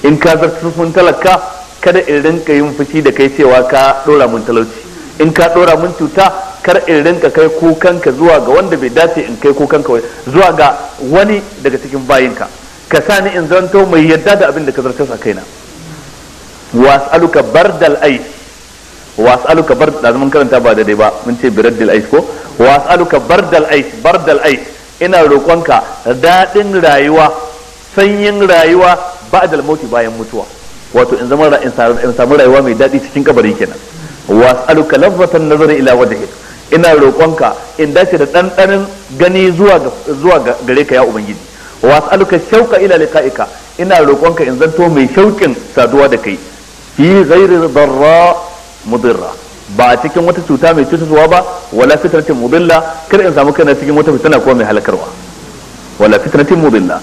in ka zartar mun talaka kada in rinka yin fushi da kai cewa ka dora mun talauci in ka dora mun cuta kar in rinka kai kukanka zuwa ga wanda bai dace in kai kukanka zuwa ga wani daga cikin bayinka ka sa ni in zanto mai yadda da abin da ka zartar a kaina was'aluka bardal aish wasaluka bar da mun karanta ba daidai ba mun ce biraddil ais ko wasaluka as'aluka bardal ais bardal ais ina roƙonka daɗin rayuwa sanyin rayuwa ba'dal mauti bayan mutuwa wato in zama in samu rayuwa mai daɗi cikin kabari kenan wasaluka as'aluka nazari ila wajhik ina roƙonka in dace da ɗanɗanin gani zuwa zuwa gare ka ya ubangiji wa as'aluka shauqa ila liqa'ika ina roƙonka in zanto mai shauƙin saduwa da kai fi ghairi darra mudirra ba a cikin wata cuta mai cutarwa ba wala fitnatin mudilla kar in samu kana cikin wata fitina ko mai halakarwa wala fitnatin mudilla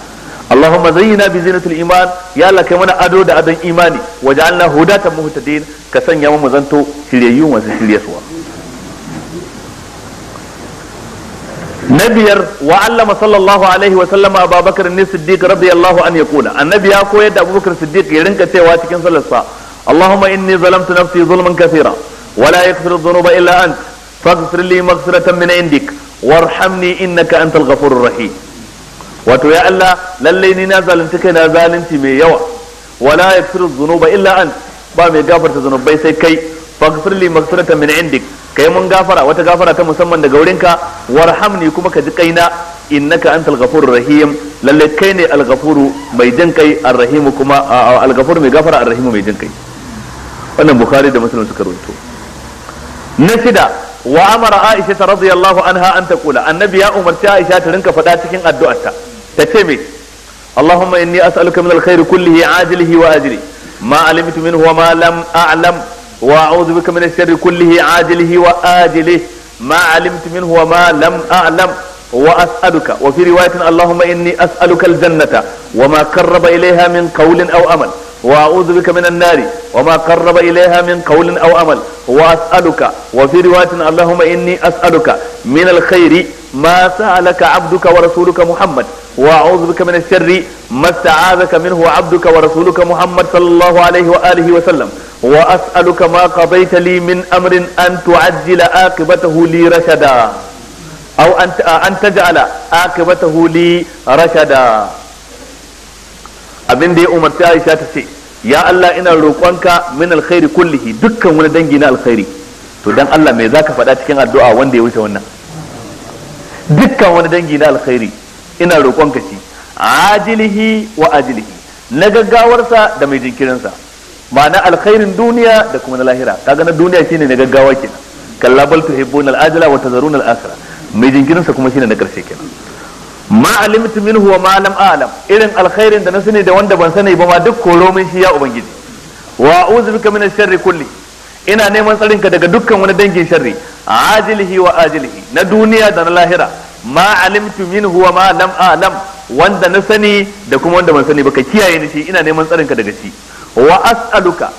اللهم زينا بزينة الإيمان يا الله كمان أدو دا أدن إيماني وجعلنا هداة مهتدين كسن يا مزنتو شليو وسشليسوا نبير وعلم صلى الله عليه وسلم أبا بكر الصديق رضي الله عنه يقول النبي يا أبو بكر الصديق يرنك تيواتي كن صلى الله اللهم إني ظلمت نفسي ظلما كثيرا ولا يغفر الذنوب إلا أنت فاغفر لي مغفرة من عندك وارحمني إنك أنت الغفور الرحيم wato ya Allah lallai ni na zalunci kai na zalunci mai yawa wala yaghfiru dhunuba illa an ba mai gafarta zunubai sai kai faghfir li maghfiratan min indik kai mun gafara wata gafara ta musamman daga wurinka warhamni kuma ka ji kaina innaka antal ghafurur rahim lallai kai ne al mai jin kai ar-rahim kuma al mai gafara ar-rahim mai jin kai wannan bukhari da muslim suka rubuto na shida wa amara aisha ta radiyallahu anha an taqula annabi ya umarci aisha ta rinka fada cikin addu'arta ta ce me اللهم إني أسألك من الخير كله عاجله وآجله ما علمت منه وما لم أعلم وأعوذ بك من الشر كله عاجله وآجله ما علمت منه وما لم أعلم وأسألك وفي رواية اللهم إني أسألك الجنة وما قرب إليها من قول أو أمل وأعوذ بك من النار وما قرب إليها من قول أو عمل وأسألك وفي رواية اللهم إني أسألك من الخير ما سألك عبدك ورسولك محمد وأعوذ بك من الشر ما استعاذك منه عبدك ورسولك محمد صلى الله عليه وآله وسلم وأسألك ما قضيت لي من أمر أن تعجل عاقبته لي رشدا أو أن أن تجعل عاقبته لي رشدا abin da ya umarci Aisha ta ce ya Allah ina roƙonka min alkhairi kullihi dukkan wani dangi na alkhairi to dan Allah me zaka faɗa cikin addu'a wanda ya wuce wannan dukkan wani dangi na alkhairi ina roƙonka shi ajilihi wa ajilihi na gaggawarsa da mai jinkirinsa ma'ana alkhairin duniya da kuma na lahira kaga na duniya shine na gaggawa kenan kalla bal al wa tazarun al-akhirah mai jinkirinsa kuma shine na karshe kenan ma alimtu minhu wa ma lam alam irin alkhairin da na sani da wanda ban sani ba ma duk koro min shi ya ubangiji wa a'udhu bika min sharri kulli ina neman tsarin ka daga dukkan wani dangin sharri ajilihi wa ajilihi na duniya da na lahira ma alimtu minhu wa ma lam alam wanda na sani da kuma wanda ban sani ba ka kiyaye ni shi ina neman tsarinka daga shi wa as'aluka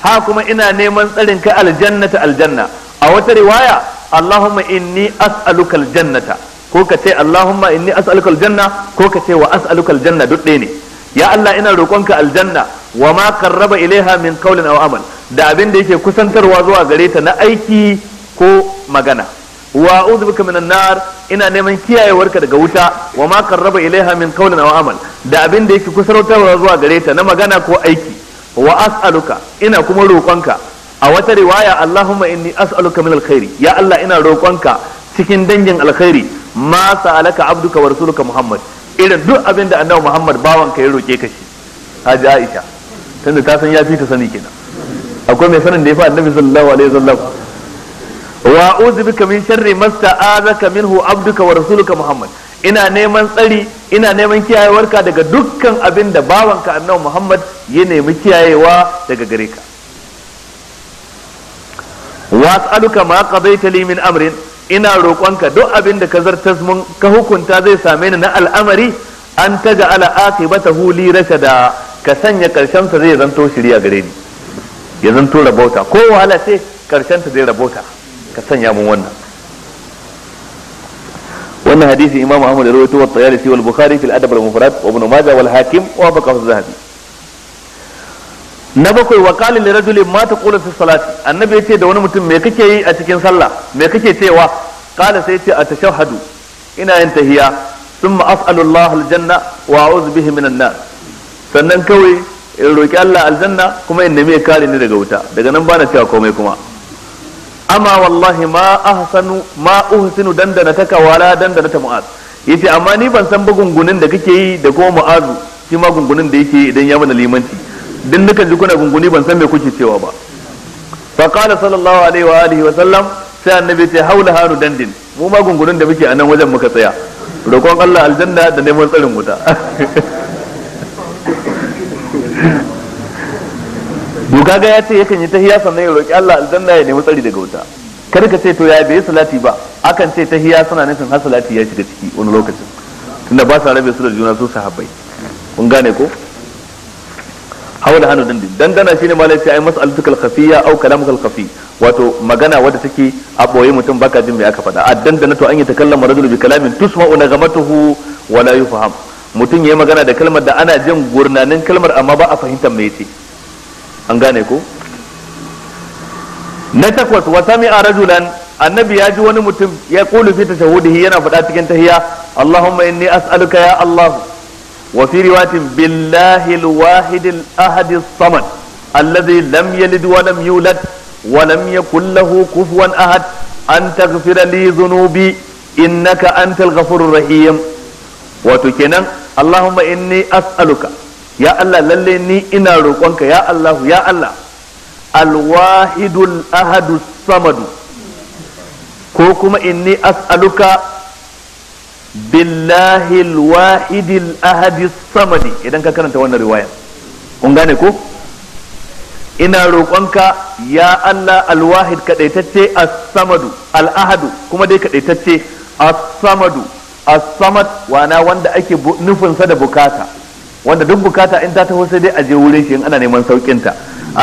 ha kuma ina neman tsarin tsarinka aljannata aljanna a wata riwaya allahumma inni as'aluka aljannata ko ka ce Allahumma inni as'aluka aljanna ko ka ce wa as'aluka aljanna duk ɗaya ne ya Allah ina roƙonka aljanna wa ma qarraba ilaiha min qawlin aw amal da abin da yake kusantarwa zuwa gare ta na aiki ko magana wa uzbika minan nar ina neman kiyayewarka daga wuta wa ma qarraba ilaiha min qawlin aw amal da abin da yake kusantarwa zuwa gare ta na magana ko aiki wa as'aluka ina kuma roƙonka a wata riwaya Allahumma inni as'aluka min alkhairi ya Allah ina roƙonka cikin dangin alkhairi ma sa'alaka abduka wa rasuluka muhammad irin duk abin da annabi muhammad bawan ka ya roke ka shi haji aisha tunda ta san ya fi ta sani kenan akwai mai sanin da ya fi annabi sallallahu alaihi wasallam wa uzu bika min sharri masta'azaka minhu abduka wa rasuluka muhammad ina neman tsari ina neman kiyayewarka daga dukkan abin da bawanka annabi muhammad ya nemi kiyayewa daga gare ka wa as'aluka ma qadayta li min amrin ina roƙonka duk abin da ka zartas mun ka hukunta zai same ni na al'amari an ga ala ta huli rashada ka sanya karshen ta zai zanto shirya gare ni ya zanto rabauta ko wahala sai karshen ta zai rabauta ka sanya mun wannan wannan hadisi imam ahmad rawaito wa tayalisi wal bukhari fil adab al mufrad wa ibn majah wal hakim wa baqa zahabi na bakwai wa kalin da rajulin ma kula fi salati annabi ya ce da wani mutum me kake yi a cikin sallah me kake cewa kala sai ce tashar hadu ina yin tahiya sun as'alu Allah aljanna wa a'udhu bihi minan nar sannan kawai in roki Allah aljanna kuma in nemi kare ni daga wuta daga nan bana cewa komai kuma amma wallahi ma ahsanu ma uhsinu dandana taka wala dandana ta mu'az yace amma ni ban san bugungunin da kake yi da kuma mu'azu shi ma gungunin da yake idan ya mana limanci din dukan ji kuna gunguni ban san me kuke cewa ba fa qala sallallahu alaihi wa alihi wa sallam sai annabi ce haula hanu dandin mu ma gungunin da muke a nan wajen muka tsaya roƙon Allah aljanna da neman tsarin wuta doka ga ya ce yakan yi tahiya sannan ya roƙi Allah aljanna ya nemi tsari daga wuta kar ka ce to ya bai salati ba akan ce tahiya suna nufin har salati ya shiga ciki wani lokacin tunda ba sa rabe su da juna su sahabbai kun gane ko haula hannu din dangana shine malai sai ai mas'alatukal ya au kalamukal khafi wato magana wadda take a boye mutum baka jin me aka faɗa a dandana to an yi takallama radul bi kalamin tusma'u nagamatuhu wa la yufham mutum yayi magana da kalmar da ana jin gurnanin kalmar amma ba a fahimtar me yace an gane ko na takwas wa sami'a rajulan annabi ya ji wani mutum ya kulu fi tashahudihi yana faɗa cikin tahiya Allahumma inni as'aluka ya Allah wa fi riwayatin billahi al-wahid al-ahad as-samad alladhi wa lam yulad kufuwan ahad an taghfira li dhunubi innaka antal ghafurur rahim wato kenan allahumma inni as'aluka ya allah lalle ni ina roƙonka ya allah ya allah al-wahidul ahadus samad ko kuma inni billahi alwahidil ahadis samadi idan ka karanta wannan riwaya kun gane ko ina roƙonka ya Allah alwahid kadaitacce as-samadu al-ahadu kuma dai kadaitacce as-samadu as-samad wana wanda ake nufinsa da bukata wanda duk bukata in ta taho sai dai a je wurin shi in ana neman saukin ta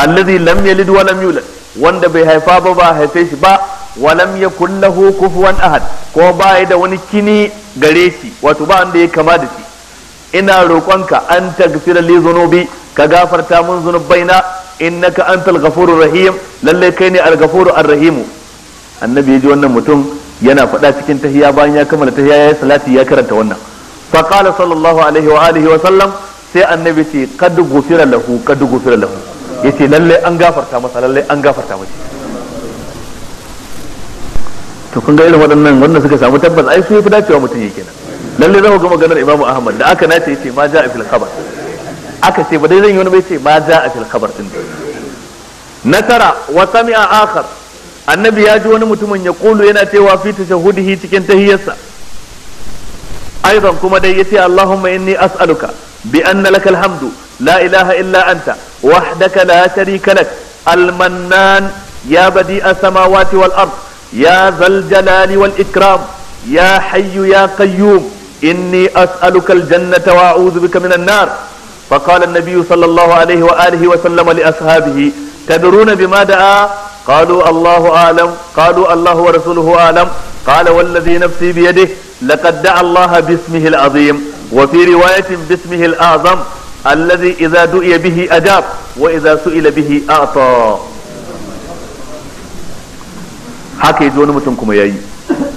allazi lam yalid wa lam yulad wanda bai haifa ba ba haife shi ba walam yakul lahu kufuwan ahad ko ya da wani kini gare shi wato ba wanda ya kama da shi ina roƙonka an tagfira li zunubi ka gafarta mun zunubaina innaka antal ghafurur rahim lalle kai ne al-ghafurur ar annabi ya ji wannan mutum yana faɗa cikin tahiyya bayan ya kammala tahiyya ya salati ya karanta wannan fa qala sallallahu alaihi wa alihi wa sallam sai annabi ce kad gufira lahu kad gufira lahu yace lalle an gafarta masa lalle an gafarta masa to kun ga irin waɗannan wanda suka samu tabbas ai su yafi dacewa mutum yake nan lalle za ku ga maganar Imam Ahmad da aka nace yace ma ja'a fil khabar aka ce ba dai zan yi wani bai ce ma ja'a fil khabar din Nasara wa sami'a akhar annabi ya ji wani mutumin ya kulu yana cewa fi tashahudihi cikin hiyarsa. aidan kuma dai yace Allahumma inni as'aluka bi anna lakal hamdu la ilaha illa anta wahdaka la sharika lak al-mannan ya badi as-samawati wal ardh يا ذا الجلال والإكرام يا حي يا قيوم إني أسألك الجنة وأعوذ بك من النار فقال النبي صلى الله عليه وآله وسلم لأصحابه تدرون بما دعا قالوا الله أعلم قالوا الله ورسوله أعلم قال والذي نفسي بيده لقد دعا الله باسمه العظيم وفي رواية باسمه الأعظم الذي إذا دعي به أجاب وإذا سئل به أعطى haka ya yaji wani mutum kuma ya yi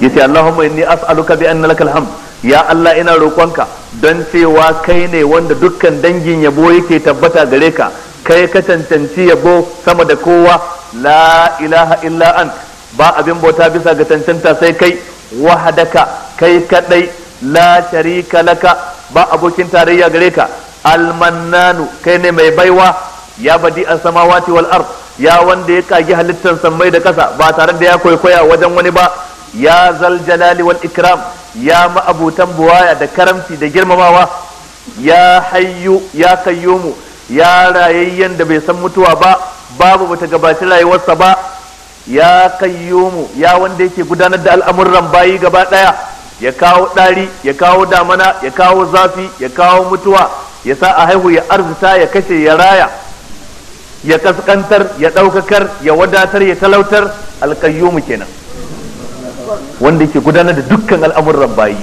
ya yace Allahumma inni as'aluka bi anna lakal ham ya Allah ina roƙonka don cewa kai ne wanda dukkan dangin yabo yake tabbata gare ka kai ka cancanci yabo sama da kowa la ilaha illa an ba abin bauta bisa ga cancanta sai kai wahadaka kai kadai la sharika laka ba abokin tarayya gare ka almannanu kai ne mai baiwa ya badi as-samawati wal ardh ya wanda ya kagi halittar sammai da kasa ba tare da ya kwaikwaya wajen wani ba ya zal jalali wal ikram ya ma'abutan buwaya da karamci da girmamawa ya hayyu ya kayyumu ya rayayyen da bai san mutuwa ba babu bata gabaci rayuwarsa ba ya kayyumu ya wanda yake gudanar da al'amuran bayi gaba daya ya kawo ɗari ya kawo damana ya kawo zafi ya kawo mutuwa ya sa a haihu ya arzuta ya kashe ya raya ya kaskantar ya daukakar ya wadatar ya talautar alqayyum kenan wanda ke gudanar da dukkan al'amuran bayi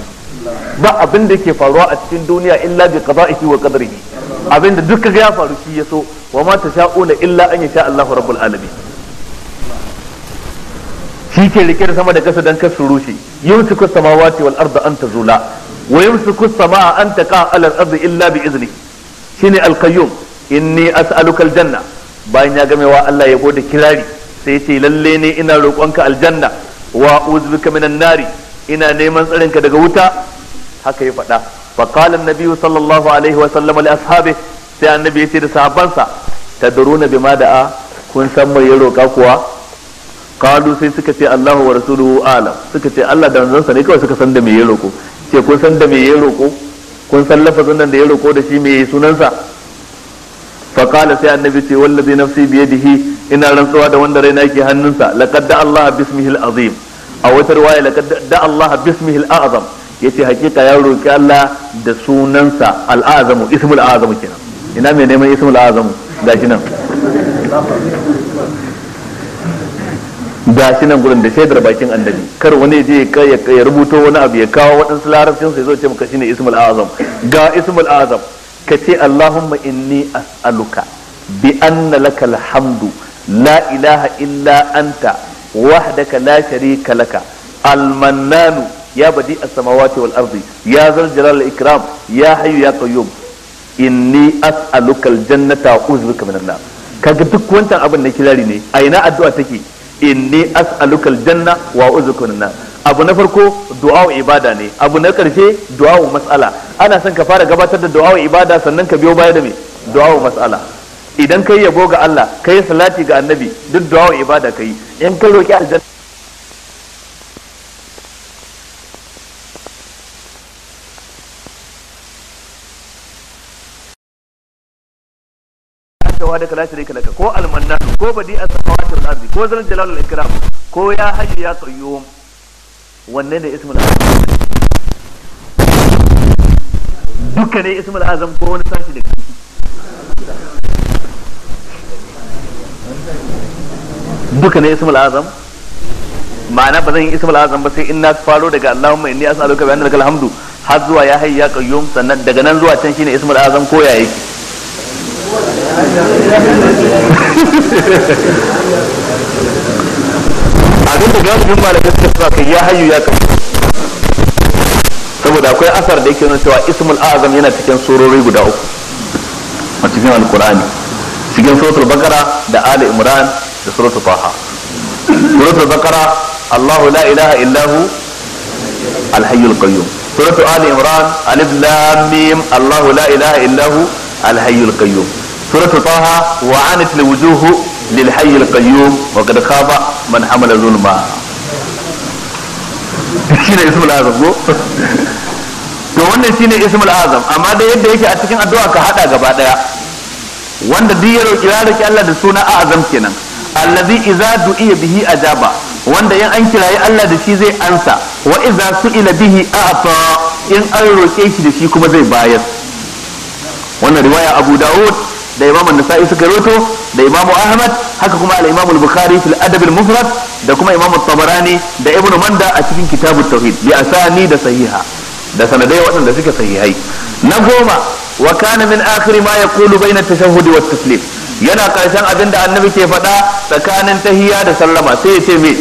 ba abin da ke faruwa a cikin duniya illa bi qada'ihi wa qadrihi abin da duk ya faru shi yaso wa ma tasha'una illa an yasha Allahu rabbul alamin shi ke rike da sama da kasa dan kasu rushe yumsiku samawati wal arda an tazula wa yumsiku samaa an taqa al ardi illa bi izni shine al qayyum inni as'aluka al janna bayan ya wa Allah ya gode kirari sai ya ce lalle ne ina roƙonka aljanna wa uzbika minan nari ina neman tsarinka daga wuta haka ya faɗa fa qala an-nabi sallallahu alaihi wa sallam li ashabi sai annabi ya ce da sahabbansa tadruna bima da'a kun san mai ya roƙa kuwa qalu sai suka ce Allahu wa rasuluhu alam suka ce Allah da manzon sa ne kawai suka san da me ya roƙo ce kun san da me ya roƙo kun san lafazin da ya roƙo da shi me sunansa فقال سي النبي تي والذي نفسي بيده إن رنسوا دا وند رينا يكي هننسا لقد دعا الله باسمه العظيم أو رواية لقد allah الله باسمه الأعظم yace hakika ya roki Allah da sunansa al'azamu ismul azamu kenan ina mai neman ismul azamu gashi nan gashi nan gurin da shaidar bakin annabi kar wani je ya rubuto wani abu ya kawo waɗansu larabcin sai zo ce maka shine ga ismul azam ka ce Allahumma inni as'aluka bi anna lakal hamdu la ilaha illa anta wahdaka la sharika laka al ya badi as-samawati wal ardi ya zal jalal ikram ya hayyu ya qayyum inni as'aluka al wa uzbika min an kaga duk wancan abin na kilari ne a ina addu'a take inni as'aluka al-janna wa uzbika min an abu na farko du'a wa ibada ne abu na karshe du'a wa mas'ala ana son ka fara gabatar da du'a wa ibada sannan ka biyo baya da me du'a wa mas'ala idan kai yabo ga Allah kai salati ga annabi duk du'a wa ibada kai in ka roki aljanna cewa da kala da laka ko almanna ko badi as-samawati ardi ko zan jalalul ikram ko ya hayyu ya qayyum wanne ne ismul azam duka ne ismul azam ko wani sashi da ciki duka ne ismul azam ma'ana ba zan yi ismul azam ba sai in na faro daga Allahumma inni as'aluka bi annaka alhamdu har zuwa ya hayya qayyum sannan daga nan zuwa can shine ismul azam ko ya yake abin da galibin malamai suka suna kai ya hayu ya kashi saboda akwai asar da yake nuna cewa ismul azam yana cikin surori guda uku a cikin alkur'ani cikin suratul bakara da ali imran da suratul taha suratul bakara allahu la ilaha illahu alhayyul qayyum suratul ali imran alif lam mim allahu la ilaha illahu alhayyul qayyum suratul taha wa anat li wujuh lil hayyul qayyum wa qad khaba man hamala zulma shi ne ismul azam ko to wannan shine ismul azam amma da yadda yake a cikin addu'a ka hada gaba daya wanda duk ya roki ya Allah da suna azam kenan allazi idza du'iya bihi ajaba wanda in an kirayi Allah da shi zai ansa wa idza su'ila bihi a'ta in an roke shi da shi kuma zai bayar wannan riwaya Abu Dawud da imamu nasa'i suka rawaito da imamu ahmad haka kuma al-imamu al-bukhari fil adab al-mufrad da kuma imamu tabarani da ibnu manda a cikin kitabut tauhid bi asani da sahiha da sanadai waɗanda suke sahihai na goma wa kana min akhir ma yaqulu bayna at-tashahhud wa at-taslim yana karshen abinda annabi ke faɗa tsakanin tahiyya da sallama sai ya ce me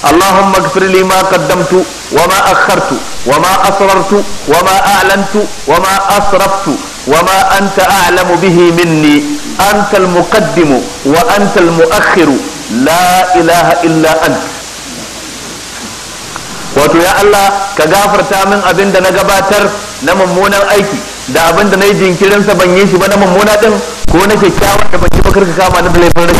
اللهم اغفر لي ما قدمت وما أخرت وما أسررت وما أعلنت وما أسرفت وما أنت أعلم به مني أنت المقدم وأنت المؤخر لا إله إلا أنت wato ya Allah ka gafarta min abin da na gabatar na mummunan aiki da abin da na yi jinkirinsa ban yi shi ba na mummuna din ko na kyakkyawa da ban yi ba karka kama na da laifin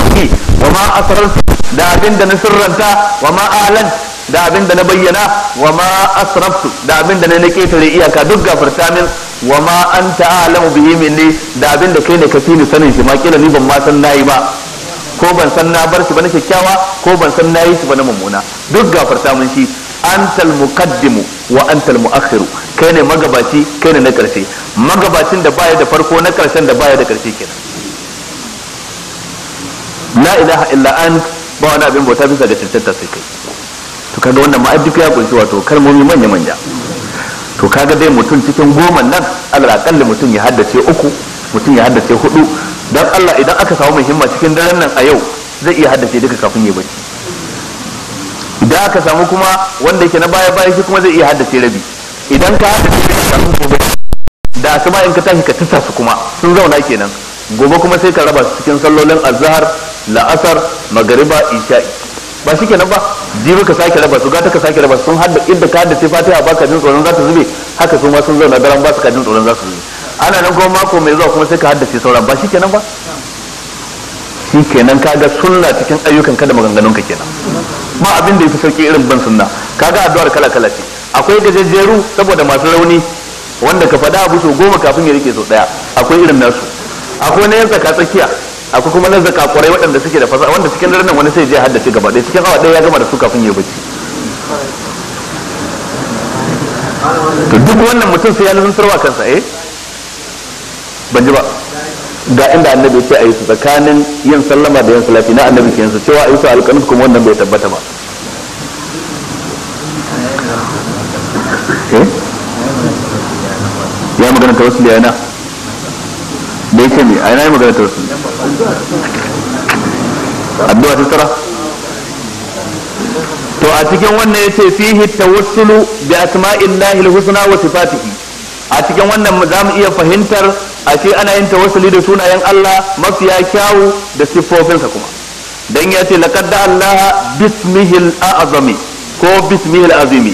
wa ma asarar da abin da na sirranta wa ma alan da abin da na bayyana wa ma asraftu da abin da na ketare iyaka duk gafarta min wa ma an ta'alamu bi min ne da abin da kai ne ka fi ni sanin shi ma kila ni ban ma san nayi ba ko ban san na bar shi ba na kyakkyawa ko ban san nayi shi ba na mummuna duk gafarta min shi antal muqaddimu wa antal muakhiru kai ne magabaci kai ne na karshe magabacin da baya da farko na karshen da baya da karshe kenan la ilaha illa ant ba wani abin bauta bisa ga cancanta sai kai to kaga wannan ma'adif ya kunshi wato kalmomi manya manya to kaga dai mutum cikin goma nan alal akalli mutum ya haddace uku mutum ya haddace hudu don Allah idan aka samu muhimma cikin daren nan a yau zai iya haddace duka kafin ya bacci idan aka samu kuma wanda yake na baya baya shi kuma zai iya haddace rabi idan ka haddace duka kafin gobe da asuba in ka tashi ka tisa su kuma sun zauna kenan gobe kuma sai ka raba su cikin sallolin azhar la'asar magariba isha'i ba shi kenan ba jibi ka sake raba su gata ka sake raba sun hadda inda ka haddace fatiha ba ka jin tsoron za ta zube haka su ma sun zauna daren ba su ka jin tsoron za su zube ana nan kuma mako mai zuwa kuma sai ka haddace sauran ba shi kenan ba shi kenan ga sunna cikin ayyukan kada da maganganun ka kenan ba abin da ya fi sauki irin ban sunna ka ga addu'ar kala kala ce akwai gajejjeru saboda masu rauni wanda ka faɗa abu so goma kafin ya rike so daya akwai irin nasu akwai na yan tsaka tsakiya akwai kuma na zakakurai waɗanda suke da fasa wanda cikin daren wani sai je haddace gaba ɗaya cikin awa ɗaya ya gama da su kafin ya bacci to duk wannan mutum sai ya nusantarwa kansa eh ban ji ba ga inda annabi ya ce a yi su tsakanin yin sallama da yin salati na annabi ke su cewa a yi su alƙanus kuma wannan bai tabbata ba eh? ya magana ta wasu liyana da yake ne mai a yana yi magana ta wasu addu'a ta tara to a cikin wannan yace fihi tawassulu bi asma'illahi alhusna wa sifatihi a cikin wannan za mu iya fahimtar ashe ana yin tawassuli da sunayen Allah mafiya kyawu da siffofinsa kuma dan yace ce laqad da Allah bismihil a'zami ko bismihil azimi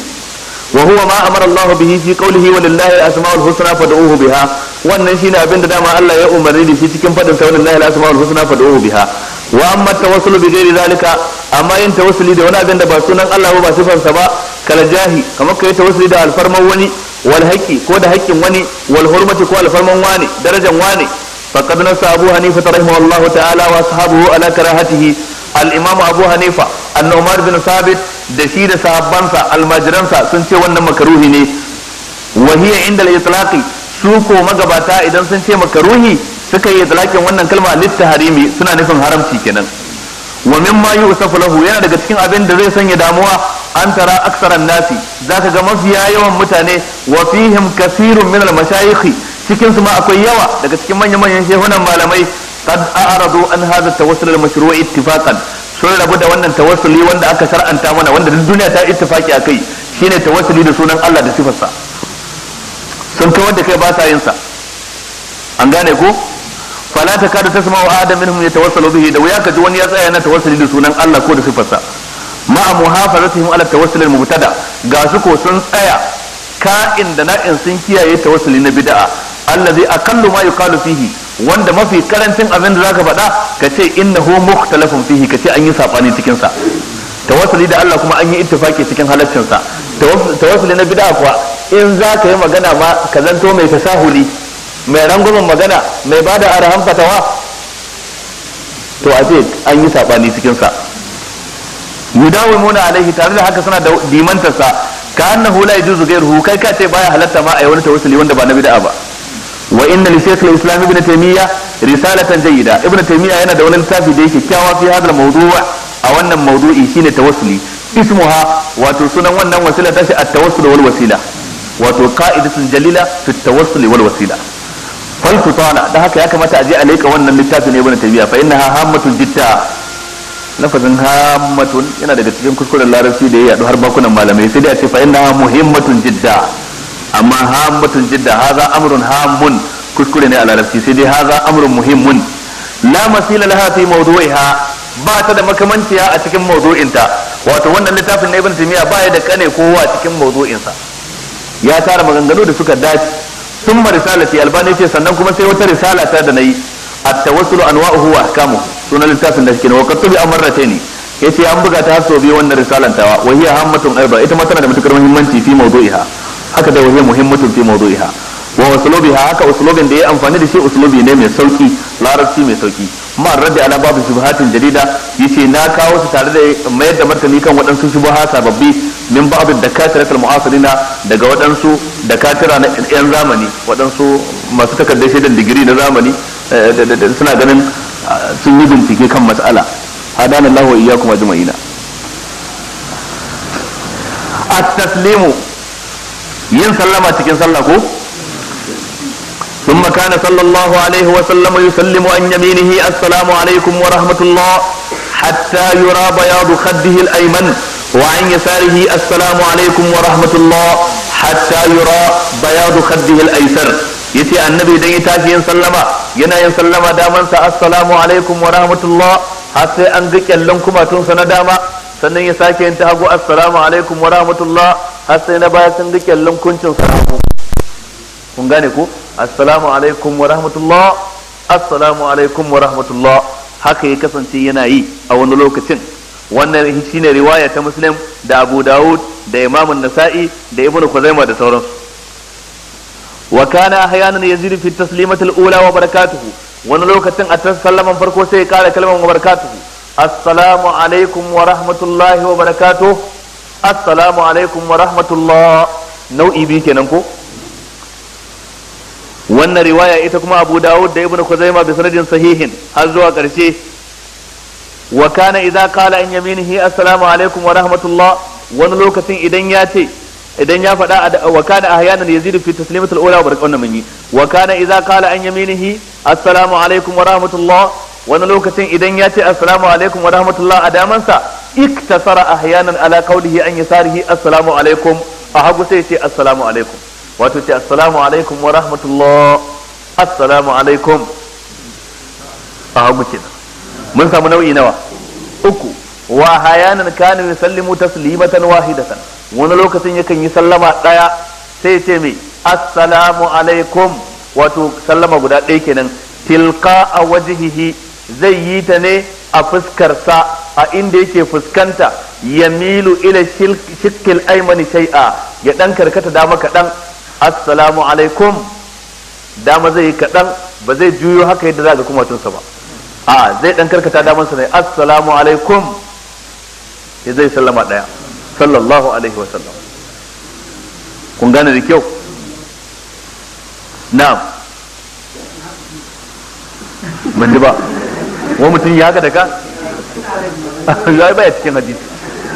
wa huwa ma amara Allah bihi fi qawlihi wa lillahi asmaul husna fad'uhu biha wannan shine abin da dama Allah ya umarni da shi cikin fadin sa wallahi al-asmaul husna fad'uhu biha wa amma tawassul bi ghairi zalika amma yin tawassuli da wani abin da ba sunan Allah ba ba sifar sa ba kala jahi kamar kai tawassuli da alfarman wani wal haqqi ko da haƙƙin wani wal hurmati ko alfarman wani darajan wani faqad nasa abu hanifa rahimahullahu ta'ala wa ashabuhu ala karahatihi al-imam abu hanifa annomar bin sabit da shi da sahabbansa almajiransa sun ce wannan makaruhi ne wahiya inda al-itlaqi su ko magabata idan sun ce makaruhi suka yi zalakin wannan kalma littaharimi suna nufin haramci kenan wa min ma yusafu lahu yana daga cikin abin da zai sanya damuwa an tara aksaran nasi zaka ga mafiya yawan mutane wa fihim kasirun min al cikin su ma akwai yawa daga cikin manyan manyan shehunan malamai qad a'radu an hadha tawassul al-mashru' ittifaqan sun rabu da wannan tawassuli wanda aka shar'anta mana wanda duk duniya ta ittifaki akai shine tawassuli da sunan Allah da sifarsa sun kawar da kai ba sa yin sa an gane ko fala ta kada ta sama wa adam minhum yatawassalu bihi da wuya ka ji wani ya tsaya yana tawassuli da sunan Allah ko da sifarsa ma muhafazatihim ala tawassul al mubtada ga su ko sun tsaya ka'in da na'in sun kiyaye tawassuli na bid'a allazi aqallu ma yuqalu fihi wanda mafi karancin abin da zaka faɗa ka ce innahu mukhtalafun fihi ka ce an yi sabani cikin sa tawassuli da Allah kuma an yi ittifaki cikin halaccin sa tawassuli na bid'a kuwa in za ka yi magana ma ka zanto mai tasahuli mai rangwamin magana mai ba da arahan fatawa to a ce an yi saɓani cikinsa yudawimuna alaihi tare da haka suna da dimantarsa ka hula la yajuzu ghayruhu kai ka ce baya halatta ma a yi wani tawassuli wanda ba na bid'a ba wa inna li shaykh islam ibn taymiya risalatan jayyida ibn taymiya yana da wani littafi da yake kyawa fi hadal mawdu'a a wannan mawdu'i shine tawassuli ismuha wato sunan wannan wasila tashi at-tawassul wal wasila wato ka'idatun jalila fi tawassul wal wasila fal tutana da haka ya kamata a je a leka wannan littafin ne ibn tabiya fa innaha hammatun jitta lafazin hammatun yana daga cikin kuskuren larabci da ya yadu har bakunan malamai sai dai a ce fa innaha muhimmatun jidda amma hammatun jidda haza amrun hammun kuskure ne a larabci sai dai haza amrun muhimmun la masila laha fi mawdu'iha ba ta da makamanciya a cikin mawdu'inta wato wannan littafin na ibn tabiya ba ya da kane kowa a cikin mawdu'insa ya tara maganganu da suka dace sun ma risalati albani ce sannan kuma sai wata risala ta da nayi at-tawassulu anwa'uhu wa ahkamu sunan littafin da shi ne wa kattubi amratayn yace an buga ta haso biyu wannan risalan tawa wa hiya hammatun arba ita ma tana da matukar muhimmanci fi mawdu'iha haka da wa hiya muhimmatun fi mawdu'iha wa uslubi haka uslubin da ya amfani da shi uslubi ne mai sauki larabci mai sauki ma radi ala babu shubhatin jarida yace na kawo su tare da mayar da martani kan waɗansu shubha sababbi min babu da al-mu'asirina daga waɗansu dakatira na yan zamani waɗansu masu takardar shaidar digiri na zamani eh, suna ganin ah, sun yi bincike kan mas'ala hadana lahu wa iyyakum ajma'ina at-taslimu yin sallama cikin sallah ko ثم كان صلى الله عليه وسلم يسلم عن يمينه السلام عليكم ورحمة الله حتى يرى بياض خده الأيمن وعن يساره السلام عليكم ورحمة الله حتى يرى بياض خده الأيسر yace annabi idan ya tashi yin sallama yana yin sallama damansa assalamu alaikum wa rahmatullah har sai an ga kyallon kumatunsa na dama sannan ya sake yin ta hagu assalamu alaikum wa rahmatullah har sai na baya sun ga kyallon kuncinsa na ku. kun gane ko assalamu alaikum wa rahmatullah assalamu alaikum wa rahmatullah haka ya kasance yana yi a wani lokacin wannan shine riwaya ta muslim da abu dawud da imam nasa'i da ibn khuzaima da sauransu wa kana ahyanan yazid fi taslimat al-ula wa barakatuhu wani lokacin a sallaman farko sai ya kara kalmar wa barakatuhu assalamu alaikum wa rahmatullahi wa barakatuh assalamu alaikum wa rahmatullah nau'i biyu kenan ko wannan riwaya ita kuma Abu Dawud da Ibn kuzaima bi sanadin sahihin har zuwa ƙarshe wa kana idza qala in yaminihi assalamu alaikum wa rahmatullah wani lokacin idan ya ce idan ya faɗa wa kana ahyanan yazidu fi taslimatul ula wa barkan mun wa kana idza qala an yaminihi assalamu alaikum wa rahmatullah wani lokacin idan ya ce assalamu alaikum wa rahmatullah a damansa iktasara ahyanan ala qawlihi an yasarihi assalamu alaikum a hagu sai ce assalamu alaikum wato ce assalamu alaikum wa rahmatullah assalamu alaikum a hagu kenan mun samu nau'i nawa uku wa hayanan kana yusallimu taslimatan wahidatan wani lokacin yakan yi sallama ɗaya sai ce mai assalamu alaikum wato sallama guda ɗaya kenan tilka a wajihihi zai yi ta ne a fuskarsa a inda yake fuskanta yamilu ila shikil aimani shai'a ya ɗan karkata dama kaɗan assalamu alaikum dama zai yi kaɗan ba zai juyo haka yadda za ga kumatunsa ba a zai ɗan karkata damansa ne assalamu alaikum ya zai sallama ɗaya sallallahu alaihi wasallam kun gane da kyau na'am ban ji ba wani mutum ya haka daga ya yi baya cikin hadisi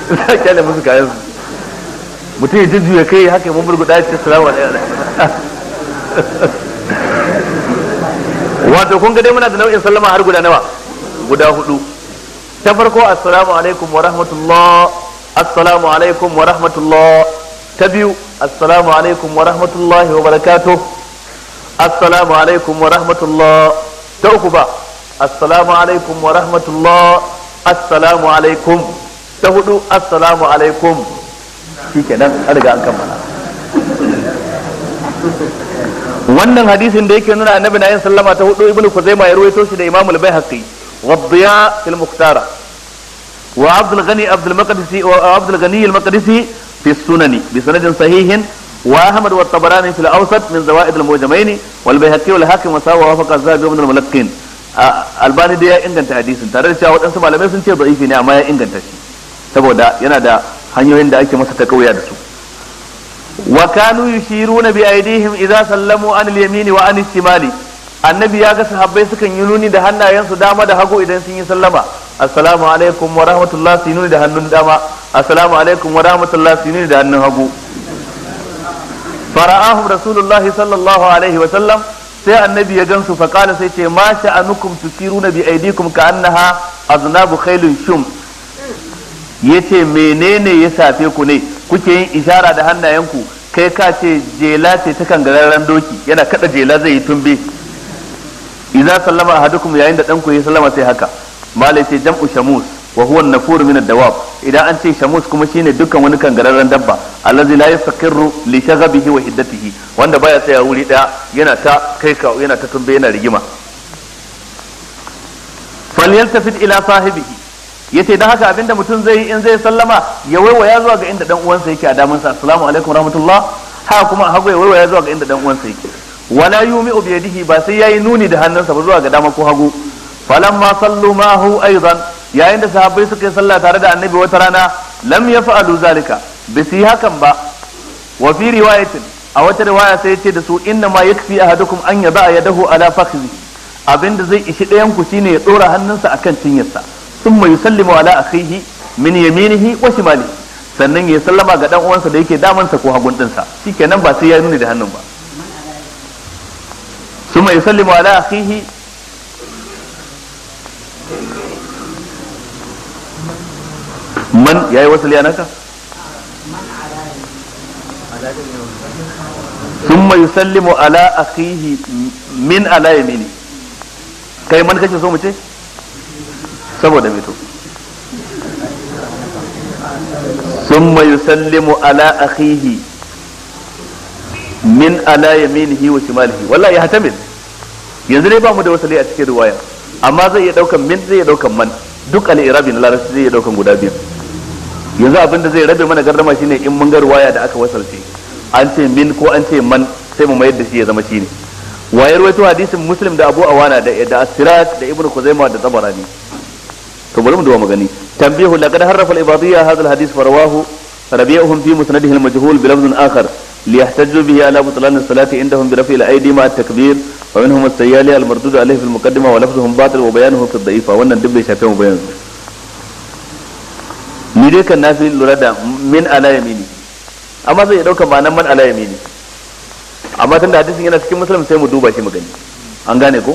za a kyale musu kayan su mutum ya jujjuya kai haka mun burguda ya ce salamu alaikum wato kun ga dai muna da nau'in sallama har guda nawa guda hudu ta farko assalamu alaikum wa rahmatullah assalamu alaikum wa rahmatullah ta biyu assalamu alaikum wa rahmatullah wa barakatuh assalamu alaikum wa rahmatullah ta uku ba assalamu alaikum wa rahmatullah assalamu alaikum ta hudu assalamu alaikum an riga an kammala wannan hadisin da yake nuna annabi na yin sallama ta hudu ibnu kuzaima ya ruwaito shi da al baihaqi wa dhiya fil muhtara wa al ghani al maqdisi wa al ghani al maqdisi fi sunani bi sanadin sahihin wa ahmad wa tabarani fil awsat min zawaid al mujamain wal baihaqi wal hakim wa sawa wafaqa zabi ibn al mulaqqin albani da ya inganta hadisin tare da cewa waɗansu malamai sun ce da'ifi ne amma ya inganta shi saboda yana da hanyoyin da ake masa ta kauya da su wa kanu yushiruna bi aydihim idza sallamu an al yamin wa an al-shimali annabi ya ga sahabbai sukan yi nuni da hannayensu dama da hagu idan sun yi sallama assalamu alaikum wa rahmatullah su nuni da hannun dama assalamu alaikum wa rahmatullah su nuni da hannun hagu fara'ahum rasulullahi sallallahu alaihi wa sallam sai annabi ya gansu fa qala sai ce ma sha'anukum tusiruna bi aydikum ka annaha aznabu khailun shum ya ce menene ya safe ku ne kuke yin ishara da hannayenku kai ka ce jela ce ta kangararren doki yana kada jela zai yi tumbe idza sallama ahadukum yayin da danku ya sallama sai haka malai ce jam'u shamus wa huwa an-nafur min ad-dawab idan an ce shamus kuma shine dukkan wani kangararren dabba allazi la yastaqirru li shaghabihi wa hiddatihi wanda baya tsaya wuri daya yana ta kai ka yana ta tumbe yana rigima falyaltafit ila sahibihi ya ce dan haka abinda mutum zai in zai sallama ya waiwaya zuwa ga inda dan uwansa yake a damansa assalamu alaikum rahmatullah ha kuma a hagu ya waiwaya zuwa ga inda dan uwansa yake wala yumi bi yadihi ba sai yayi nuni da hannunsa ba zuwa ga dama ko hagu falamma sallu ma'ahu aidan yayin da sahabbai suka yi sallah tare da annabi wata rana lam yaf'alu zalika bi si hakan ba wa fi riwayatin a wata riwaya sai yace da su inna ma yakfi ahadukum an yada yadahu ala fakhzi abinda zai ishi ɗayan ku shine ya dora hannunsa akan cinyarsa sallima wa ala akhihi min yaminihi wasu mali, sannan ya sallama ga dan uwansa da yake damansa ko hagun dinsa shikenan ba sai ya nuni da hannun ba sallima yusallimu ala akhihi man yayi wasali anaka ثم يسلم على أخيه من على يمينه كي من mu ce? saboda mito summa sallimu ala akhihi min ala yaminihi wa shimalihi wallahi ya hatamin yanzu dai ba mu da wasali a cikin ruwaya amma zai iya daukan min zai iya daukan man duk al-irabi na larabci zai iya daukan guda biyu yanzu abinda zai rabe mana gardama shine in mun ga ruwaya da aka wasalce an ce min ko an ce man sai mu mayar da shi ya zama shine wayar wato hadisin muslim da abu awana da da asirat da ibnu kuzaima da tabarani to bari mu duba magani tambihu laqad harrafa al-ibadiyya hadha al-hadith fa rawahu rabi'uhum fi musnadihi al-majhul bi lafdhin akhar liyahtajju bihi ala butlan as-salati indahum bi rafi al-aydi ma at-takbir wa minhum as-sayyali al-mardud alayhi fi al-muqaddima wa lafdhuhum batil wa bayanuhu fi ad-da'if wa annad dibbi shafi mu bayan ni dai kan nafi min ala yamini amma zai dauka ma'anar man ala yamini amma tunda hadisin yana cikin musulmi sai mu duba shi magani an gane ko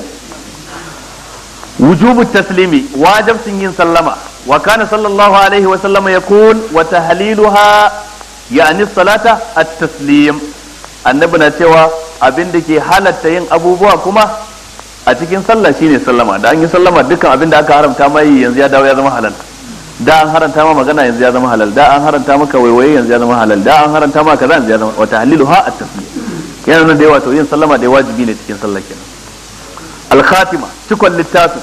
wujubu taslimi sun yin sallama wa kana sallallahu alaihi wa sallama kun wa tahliluha ya'ni salata at-taslim annabi na cewa abin da ke halatta yin abubuwa kuma a cikin sallah shine sallama da an yi sallama dukkan abin da aka haramta mai yanzu ya dawo ya zama halal da an haramta ma magana yanzu ya zama halal da an haramta maka waiwaye yanzu ya zama halal da an haramta ma kaza yanzu ya zama wa ha at-taslim yana da yawa to yin sallama da wajibi ne cikin sallah kenan al-khatima cikon littafin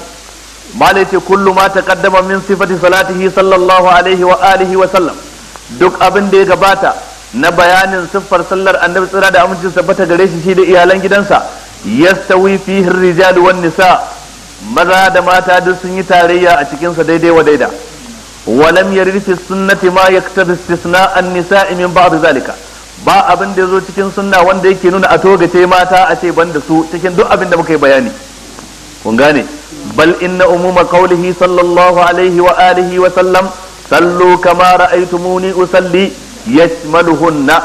mala yace kullu ma taqaddama min sifati salatihi sallallahu alaihi wa alihi wa sallam duk abin da ya gabata na bayanin siffar sallar annabi tsira da amincin bata gare shi shi da iyalan gidansa yastawi fihi ar-rijalu wan nisa maza da mata duk sun yi tarayya a cikin sa daidai wa daida walam يرد في السنة ما يكتب استثناء nisa'i min ba'd zalika ba abin da yazo cikin sunna wanda yake nuna a togace mata a ce ban da su cikin duk abin da muka yi bayani kun gane bal inna umuma qawlihi sallallahu alaihi wa alihi wa sallam sallu kama ra'aytumuni usalli yashmaluhunna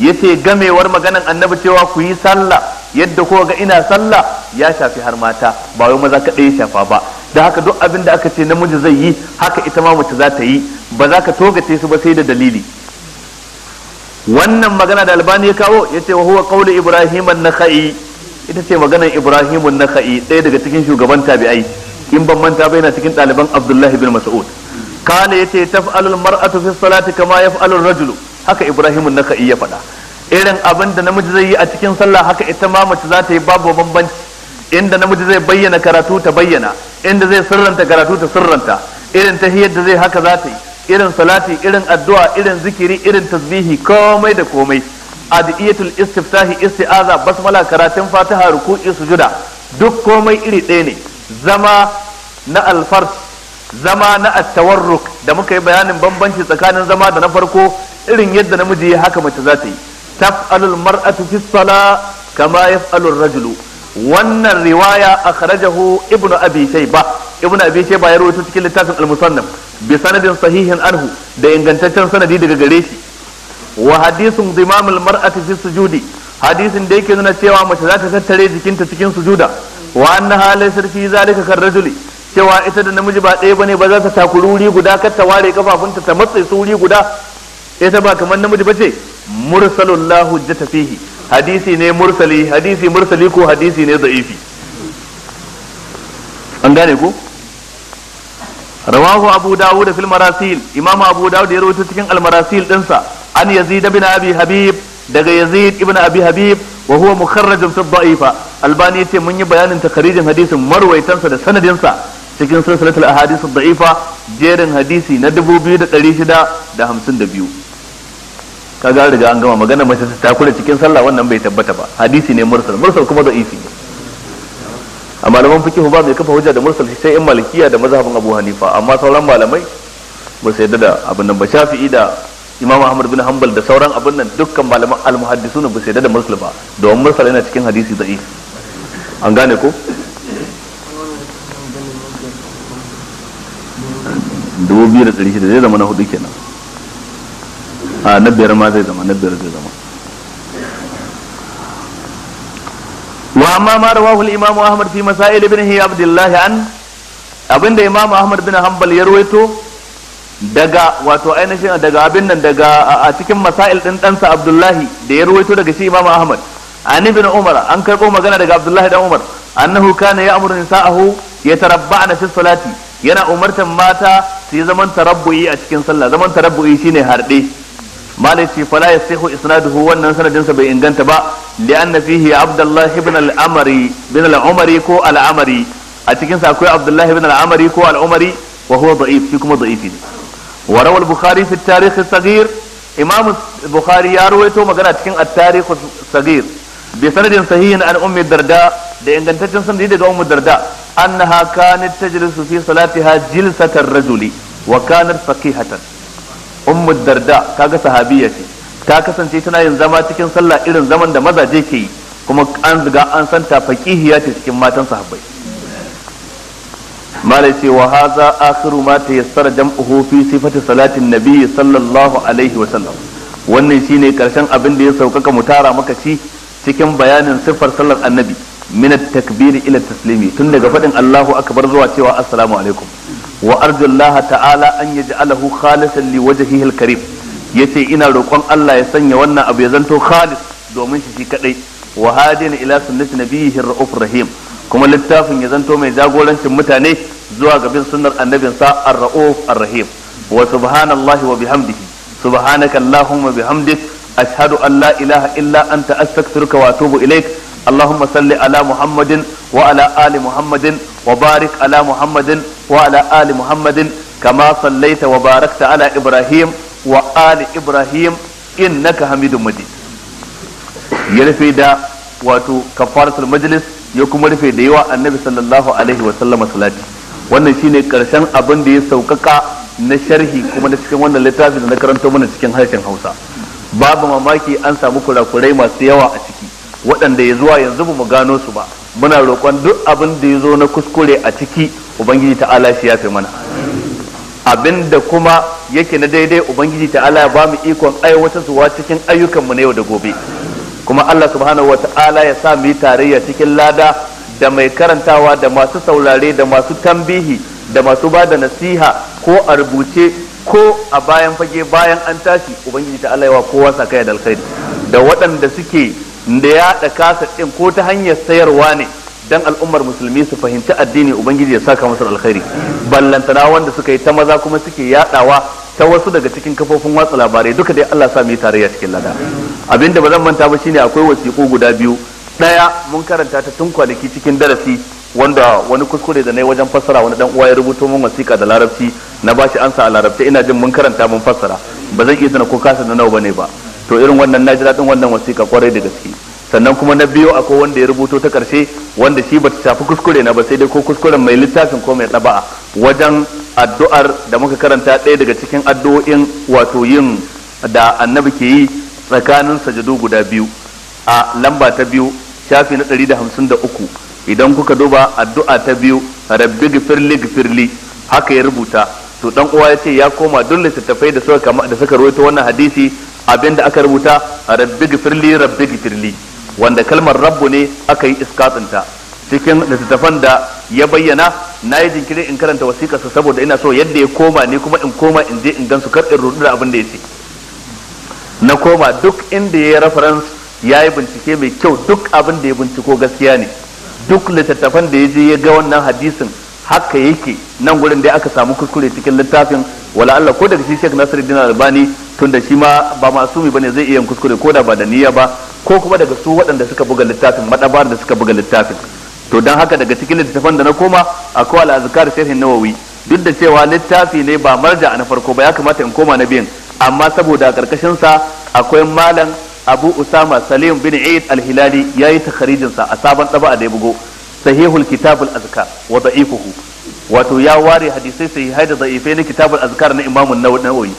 yace gamewar maganan annabi cewa ku yi sallah yadda ko ga ina sallah ya shafi har mata ba wai maza kaɗai ya shafa ba da haka duk abin da aka ce namiji zai yi haka ita ma mace za ta yi ba za ka togace su ba sai da dalili wannan magana da albani ya kawo yace wa huwa qawlu ibrahim an-nakhai ita ce maganar Ibrahimun ka'i ɗaya daga cikin shugaban tabi'ai in ban manta bai na cikin ɗaliban Abdullahi bin Mas'ud kana ya ce ta fi salati kama ya yaf'alur rajulu haka Ibrahimun ka'i ya faɗa irin abin da namiji zai yi a cikin sallah haka ita ma mace za ta yi babu bambanci inda namiji zai bayyana karatu ta bayyana inda zai sirranta karatu ta sirranta irin tahiyyar da zai haka za ta yi irin salati irin addu'a irin zikiri irin tasbihi komai da komai adiyatul istiftahi isti'aza basmala karatun fatiha ruku'i sujuda duk komai iri ɗaya ne zama na alfars zama na attawarruk da muka yi bayanin bambanci tsakanin zama da na farko irin yadda namiji ya haka mace za ta yi taf'alul mar'atu fi sala kama yaf'alur rajulu wannan riwaya akhrajahu ibnu abi shayba ibnu abi shayba ya rawaito cikin littafin al-musannaf bi sanadin sahihin anhu da ingantaccen sanadi daga gare shi wa hadisin zimamul mar'ati fi sujudi hadisin da yake nuna cewa mace za ta tattare jikinta cikin sujuda wa anna laysat fi zalika kar rajuli cewa ita da namiji ba ɗaya bane ba za ta takuri wuri guda kar ta ware kafafunta ta matsa su wuri guda ita ba kamar namiji bace mursalullahu jata fihi hadisi ne mursali hadisi mursali ko hadisi ne da'ifi an gane ko rawahu abu dawud fil marasil imamu abu dawud ya rawaito cikin al marasil dinsa an yazid ibn abi habib daga yazid ibn abi habib wa huwa mukharrajun fi dha'ifa albani yace mun yi bayanin takarijin hadisin sa da sanadinsa cikin silsilatul ahadith dha'ifa jerin hadisi na 2652 kaga riga an gama magana mace ta kula cikin sallah wannan bai tabbata ba hadisi ne mursal mursal kuma da'ifi ne a malaman fikihu ba mai kafa hujja da mursal sai in malikiya da mazhabin abu hanifa amma sauran malamai ba su yadda da abin nan ba shafi'i da imam ahmad bin hanbal da sauran abin nan dukkan malaman almuhaddisun ba sai da mursal ba domin mursal yana cikin hadisi da'i an gane ko dubu biyu da tsari shida zai zama na hudu kenan a na biyar ma zai zama na biyar zai zama wa amma ma rawahu al-imam ahmad fi masail ibn hi abdullah an abinda imam ahmad bin hanbal ya ruwaito. daga wato ainihin daga abin nan daga a cikin masail din ɗansa abdullahi da ya ruwaito daga shi imamu ahmad an ibn umar an karɓo magana daga abdullahi dan umar annahu kana ya ya ya yatarabba'na fi salati yana umartan mata su yi zaman tarabbu'i a cikin sallah zaman tarabbu'i shine harɗe malai ce fala yasihu isnaduhu wannan sanadin bai inganta ba li'anna fihi abdullahi ibn al-amri bin al-umari ko al-amri a cikin akwai abdullahi ibn al-amri ko al-umari wa huwa da'if shi kuma da'ifi ne wa rawal bukhari fi tarikh sagir imam bukhari ya rawaito magana cikin at-tarikh sagir bi sanadin sahihin an ummi darda da ingantaccen sanadi daga ummi darda annaha kanat salati fi salatiha jilsatar rajuli wa kanat faqihatan ummu darda kaga sahabiyya ce ta kasance tana yin zama cikin sallah irin zaman da mazaje ke yi kuma an riga an santa faqihiya ce cikin matan sahabbai malai ce wa haza akhiru ma tayassara jam'uhu fi sifati salatin nabi sallallahu alaihi wa sallam wannan shine karshen abin da ya saukaka mu tara maka shi cikin bayanin siffar sallar annabi min at-takbir ila taslimi tun daga fadin Allahu akbar zuwa cewa assalamu alaikum wa arju Allah ta'ala an yaj'alahu khalisan li wajhihi al-karim yace ina roƙon Allah ya sanya wannan abu ya zanto khalis domin shi kadai wa hadin ila sunnati nabiyhi ar-rauf rahim kuma littafin ya zanto mai jagorancin mutane zuwa ga bin sunnar annabinsa ar-ra'uf ar-rahim wa subhanallahi wa bihamdihi subhanaka allahumma bihamdik ashhadu an la ilaha illa anta astaghfiruka wa atubu ilaik اللهم صل على محمد وعلى آل محمد وبارك على محمد وعلى آل محمد كما صليت وباركت على إبراهيم وآل إبراهيم إنك حميد مجيد يرفي دا واتو كفارة المجلس ya kuma rufe da yawa annabi sallallahu alaihi wa sallama salati wannan shine karshen abin da ya saukaka na sharhi kuma na cikin wannan littafin da na karanto mana cikin harshen Hausa babu mamaki an samu kurakurai masu yawa a ciki waɗanda ya zuwa yanzu ba mu gano su ba muna roƙon duk abin da ya zo na kuskure a ciki ubangiji ta'ala shi ya fi mana abin da kuma yake na daidai ubangiji ta'ala ya ba mu ikon zuwa cikin ayyukanmu na yau da gobe kuma Allah subhanahu wata'ala ya sa mu yi tarayya cikin lada da mai karantawa da masu saurare da masu tambihi da masu ba da nasiha ko a rubuce ko a bayan fage bayan an tashi ubangiji ta Allah wa kowa sakaya da alkhairi da waɗanda suke da da kasa ɗin ko ta hanyar sayarwa ne dan al'ummar musulmi su fahimci addini ubangiji ya saka musu alkhairi ballantana wanda suka yi ta maza kuma suke yaɗawa ta wasu daga cikin kafofin watsa labarai duka dai Allah sa mu yi tarayya cikin lada abinda ba zan manta ba shine akwai wasiƙu guda biyu daya mun karanta ta tun kwanaki cikin darasi wanda wani kuskure da na wajen fassara wani dan uwa ya rubuto min wasiƙa da larabci na bashi ansa a larabci ina jin mun karanta mun fassara ba zan iya tana ko kasa na nawa bane ba to irin wannan na ji daɗin wannan wasiƙa kwarai da gaske sannan kuma na biyo akwai wanda ya rubuto ta karshe wanda shi bata shafi kuskure na ba sai dai ko kuskuren mai littafin ko mai ɗaba'a wajen addu'ar da muka karanta ɗaya daga cikin addu'o'in wato yin da annabi ke yi tsakanin sajadu guda biyu a lamba ta biyu shafi na ɗari da hamsin da uku idan kuka duba addu'a ta biyu rabbi gifirli gifirli haka ya rubuta to dan uwa ya ce ya koma duk littattafai da suka kama da suka rawaito wannan hadisi abinda aka rubuta rabbi gifirli rabbi gifirli wanda kalmar rabbu ne aka yi iskatinta cikin littattafan da ya bayyana na yi jinkiri in karanta wasiƙa saboda ina so yadda ya koma ne kuma in koma in je in gan su karɗin rudu da abin da ya ce na koma duk inda ya yi reference ya yi bincike mai kyau duk abin da ya binciko gaskiya ne duk littattafan da ya je ya ga wannan hadisin haka yake nan gurin da aka samu kuskure cikin littafin wala Allah ko daga shi Sheikh Nasiruddin Albani tun da shi ma ba masumi bane zai iya kuskure ko da ba da niyya ba ko kuma daga su waɗanda suka buga littafin madabar da suka buga littafin to dan haka daga cikin littafan da na koma akwai al-azkar sharhin nawawi duk da cewa littafi ne ba marja na farko ba ya kamata in koma na biyan amma saboda karkashin sa akwai malam Abu Usama Salim bin Eid al-Hilali yayi takharijin a sabon daba a ya bugo sahihul kitabul azkar wa wato ya ware hadisai sahihai da da'ifai na kitabul al-azkar na Imam nawawi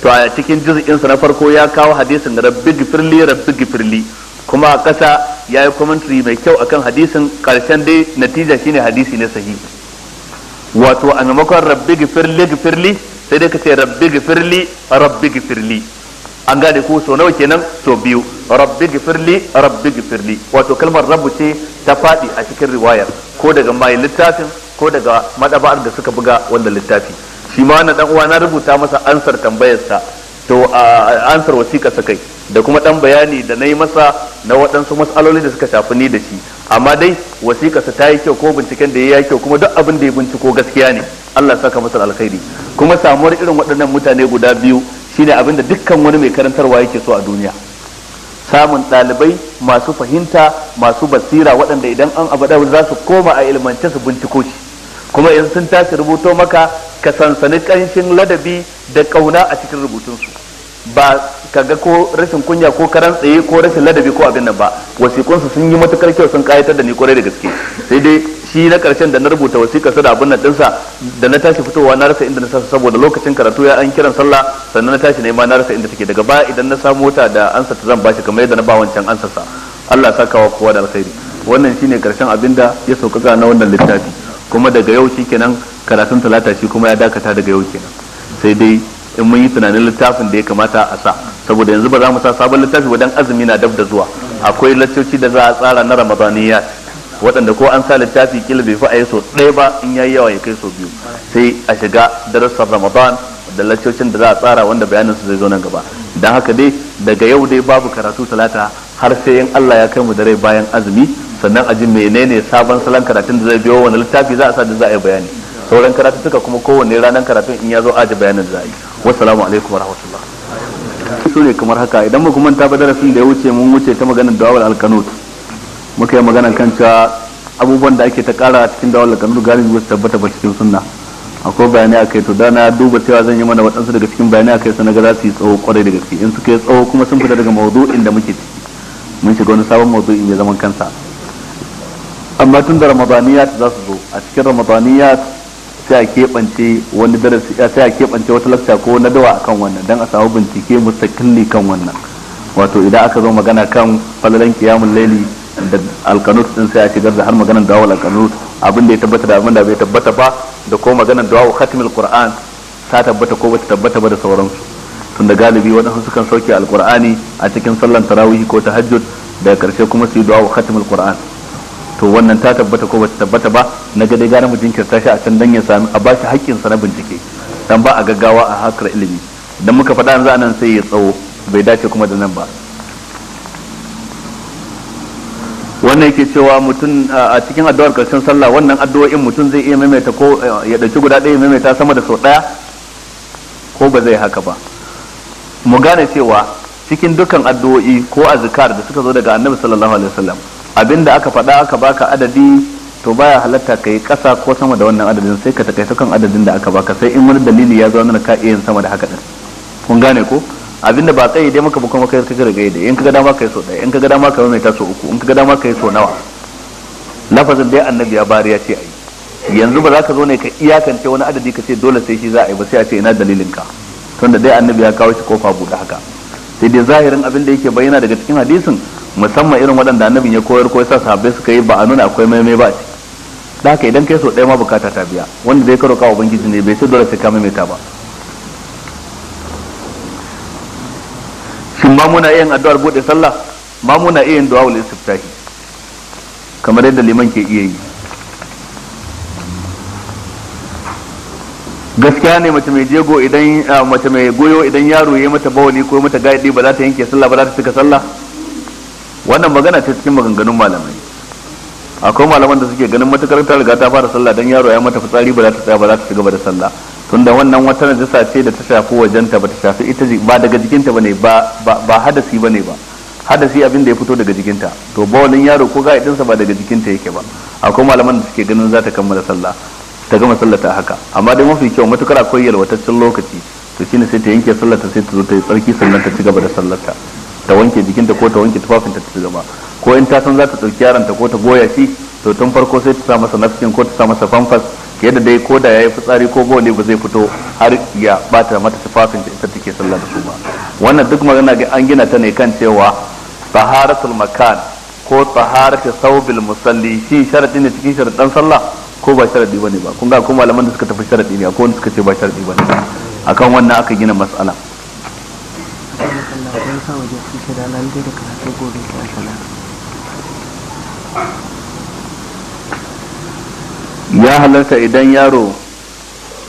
to a cikin juz'in sa na farko ya kawo hadisin rabbi gifirli rabbi gifirli kuma a ƙasa ya yi commentary mai kyau akan hadisin ƙarshen dai natija shine hadisi ne sahi. wato a maimakon rabbi gifirli gifirli sai dai ka ce rabbi gifirli rabbi gifirli an gane ko so nawa kenan so biyu rabbi gifirli rabbi gifirli wato kalmar rabbu ce ta faɗi a cikin riwayar ko daga mai littafin ko daga madaba'ar da suka buga wannan littafi shi ma wannan dan uwa na rubuta masa ansar tambayarsa to a ansar wasiƙa sa kai da kuma ɗan bayani da na yi masa na waɗansu matsaloli da suka shafi ni da shi amma dai wasiƙa sa ta yi kyau ko binciken da ya yi kyau kuma duk abin da ya binciko gaskiya ne Allah saka masa alkhairi kuma samuwar irin waɗannan mutane guda biyu shine abin da dukkan wani mai karantarwa yake so a duniya samun ɗalibai masu fahimta masu basira waɗanda idan an abada za su koma a ilmance su binciko shi kuma in sun tashi rubuto maka ka sansani ƙanshin ladabi da ƙauna a cikin rubutunsu ba ka ga ko rashin kunya ko karan tsaye ko rashin ladabi ko abin nan ba wasiƙunsu sun yi matukar kyau sun ƙayatar da ni kwarai da gaske sai dai shi na karshen da na rubuta wasiƙar sa da abin nan ɗinsa da na tashi fitowa na rasa inda na sasa saboda lokacin karatu ya an kiran sallah sannan na tashi nema na rasa inda take daga baya idan na samu mota da ansa ta zan bashi kamar yadda na ba wancan ansa sa Allah ya saka wa kowa da alkhairi wannan shine karshen abinda ya sauƙaƙa na wannan littafi kuma daga yau shi kenan karatun talata shi kuma ya dakata daga yau kenan sai dai in mun yi tunanin littafin da ya kamata a sa saboda yanzu ba za mu sa sabon littafi dan azumi na dab da zuwa akwai laccoci da za a tsara na ramadaniyat waɗanda ko an sa littafi kila bai fi a yi so ɗaya ba in ya yi yawa ya kai so biyu sai a shiga darasar ramadan da laccocin da za a tsara wanda bayanin su zai zo nan gaba dan haka dai daga yau dai babu karatu talata har sai in Allah ya kai mu da rai bayan azumi sannan a ji menene sabon salon karatun da zai biyo wani littafi za a sa da za a yi bayani sauran karatu suka kuma kowanne ranar karatun in ya zo aji bayanin za a yi wassalamu alaikum wa su ne kamar haka idan mu kuma ta darasin da ya wuce mun wuce ta maganar dawal alkanut muka yi magana kan cewa abubuwan da ake ta kara cikin dawal alkanut galibi wasu tabbata ba cikin sunna akwai bayanai a to da na duba cewa zan yi mana waɗansu daga cikin bayanai a kai sana ga za su yi tsawo kwarai da gaske in suka yi tsawo kuma sun fita daga mawdu'in da muke ciki mun shiga wani sabon mawdu'i mai zaman kansa amma tun da ramadaniyat za su zo a cikin ramadaniyat sai a keɓance wani darasi eh, sai a keɓance wata lakta ko na dawa akan wannan dan a samu bincike mustaqilli kan wannan wato idan aka zo magana kan falalan kiyamun laili da alkanut din sai a shigar da har maganar dawal alkanut abin da ya tabbata da abin da bai tabbata ba da ko maganar dawo khatimul qur'an ta tabbata ko bata tabbata ba da sauransu tun da galibi waɗansu sukan sauke alqur'ani a cikin sallan tarawih ko tahajjud daga karshe kuma su yi dawo khatimul qur'an to wannan ta tabbata ko bata tabbata ba na ga dai gane mu jinkirta shi a can dan ya sami a bashi haƙƙin sa na bincike dan ba a gaggawa a hakar ilimi dan muka faɗa yanzu anan sai ya tsawo bai dace kuma da nan ba wannan yake cewa mutum a cikin addu'ar karshen sallah wannan addu'o'in mutum zai iya maimaita ko eh, ya dauki guda ɗaya maimaita sama da sau ɗaya ko ba zai haka ba mu gane cewa cikin dukkan addu'o'i ko azkar da suka zo daga annabi sallallahu alaihi wasallam abinda aka faɗa aka baka adadi to baya halatta yi ƙasa ko sama da wannan adadin sai ka takaita kan adadin da aka baka sai in wani dalili ya zo nuna ka iya yin sama da haka din kun gane ko abinda ba tsaye dai maka bukwa maka kai ka riga da in ka ga dama kai so ɗaya in ka ga dama kai mai taso uku in ka ga dama kai so nawa lafazin dai annabi ya bari ya ce ai yanzu ba za ka zo ne ka iyakance wani adadi ka ce dole sai shi za a yi ba sai a ce ina dalilin ka tunda dai annabi ya kawo shi kofa buɗe haka sai dai zahirin abin da yake bayyana daga cikin hadisin musamman irin waɗanda annabin ya koyar ko yasa sahabbai suka yi ba a nuna akwai mai ba ce da haka idan kai so ɗaya ma bukata ta biya wanda zai karo kawo ubangiji ne bai sai dole sai ka maimaita ba shin ma muna iya yin addu'ar bude sallah ma muna iya yin du'a istiftahi kamar yadda liman ke iya yi gaskiya ne mace mai jego idan mace mai goyo idan yaro ya mata bawali ko mata gaidi ba za ta yanke sallah ba za ta cika sallah wannan magana ce cikin maganganun malamai akwai malaman da suke ganin matukar ta riga ta fara sallah dan yaro ya mata fitsari ba za ta tsaya ba za ta shiga da sallah tunda wannan wata najasa ce da ta shafi wajenta ba ta shafi ita ba daga jikinta bane ba ba hadasi bane ba hadasi abin da ya fito daga jikinta to bawalin yaro ko ga'idinsa ba daga jikinta yake ba akwai malaman da suke ganin za ta kammala sallah ta gama sallah ta haka amma dai mafi kyau matukar akwai yalwataccen lokaci to shine sai ta yanke sallah ta sai ta zo ta yi tsarki sannan ta ci gaba da sallar ta ta wanke jikinta ko ta wanke tufafinta ta zama ko in ta san za ta ɗauki yaronta ko ta goya shi to tun farko sai ta sa masa nafkin ko ta sa masa famfas yadda dai ko da ya yi fitsari ko gole ba zai fito har ya bata mata tufafin da ita take sallah da su ba wannan duk magana ga an gina ta ne kan cewa taharatul makan ko taharatu saubil musalli shi sharadi ne cikin sharadan sallah ko ba sharadi bane ba kun ga kuma malaman da suka tafi sharadi ne ko wanda suka ce ba sharadi bane akan wannan aka gina mas'ala sa waje su ce da nan da karatu gobe ta sana ya halarta idan yaro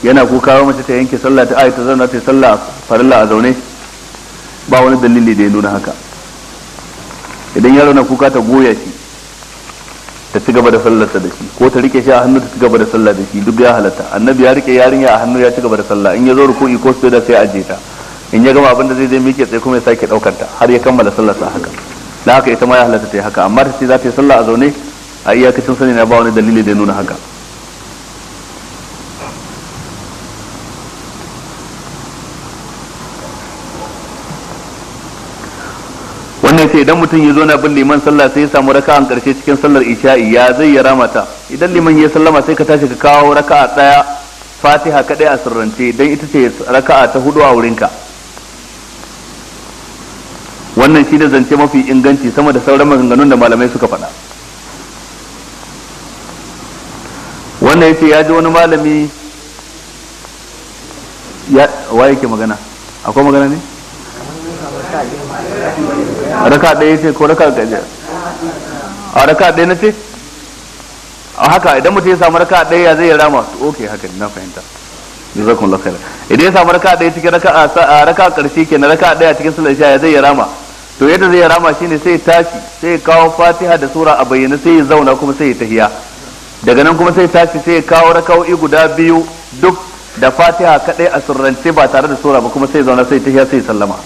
yana kuka wa mace ta yanke sallah ta ayata zan ta sallah farilla a zaune ba wani dalili da ya nuna haka idan yaro na kuka ta goya shi ta ci gaba da sallarsa da shi ko ta rike shi a hannu ta ci gaba da sallah da shi duk ya halatta annabi ya rike yarinya a hannu ya ci gaba da sallah in ya zo ruku'i ko sujada sai aje ta in ya gama abin da zai je miƙe tsaye kuma ya sake ɗaukar ta har ya kammala sallar sa haka da haka ita ma ya halatta ta yi haka amma ta ce za ta yi sallah a zaune a iyakacin sani na ba wani dalili da nuna haka wannan ce idan mutum ya zo na bin liman sallah sai ya samu raka'an karshe cikin sallar isha'i ya zai ya ramata idan liman ya sallama sai ka tashi ka kawo raka'a daya fatiha kadai a sirrance don ita ce raka'a ta hudu a wurinka wannan shi da zance mafi inganci sama da sauran maganganun da malamai suka faɗa wannan yace ya ji wani malami ya waye ke magana akwai magana ne raka ɗaya ce ko raka gajiya a raka ɗaya na ce a haka idan mutum ya samu raka ɗaya zai rama to oke haka na fahimta jazakum khairan idan ya samu raka ɗaya cikin raka a raka ƙarshe ke na raka ɗaya cikin sallar isha ya zai rama to yadda zai rama shine sai ya tashi sai ya kawo fatiha da sura a bayyana sai ya zauna kuma sai ya tahiya daga nan kuma sai tashi sai ya kawo raka'o'i guda biyu duk da fatiha kadai a surrance ba tare da sura ba kuma sai ya zauna sai ya tahiya sai ya sallama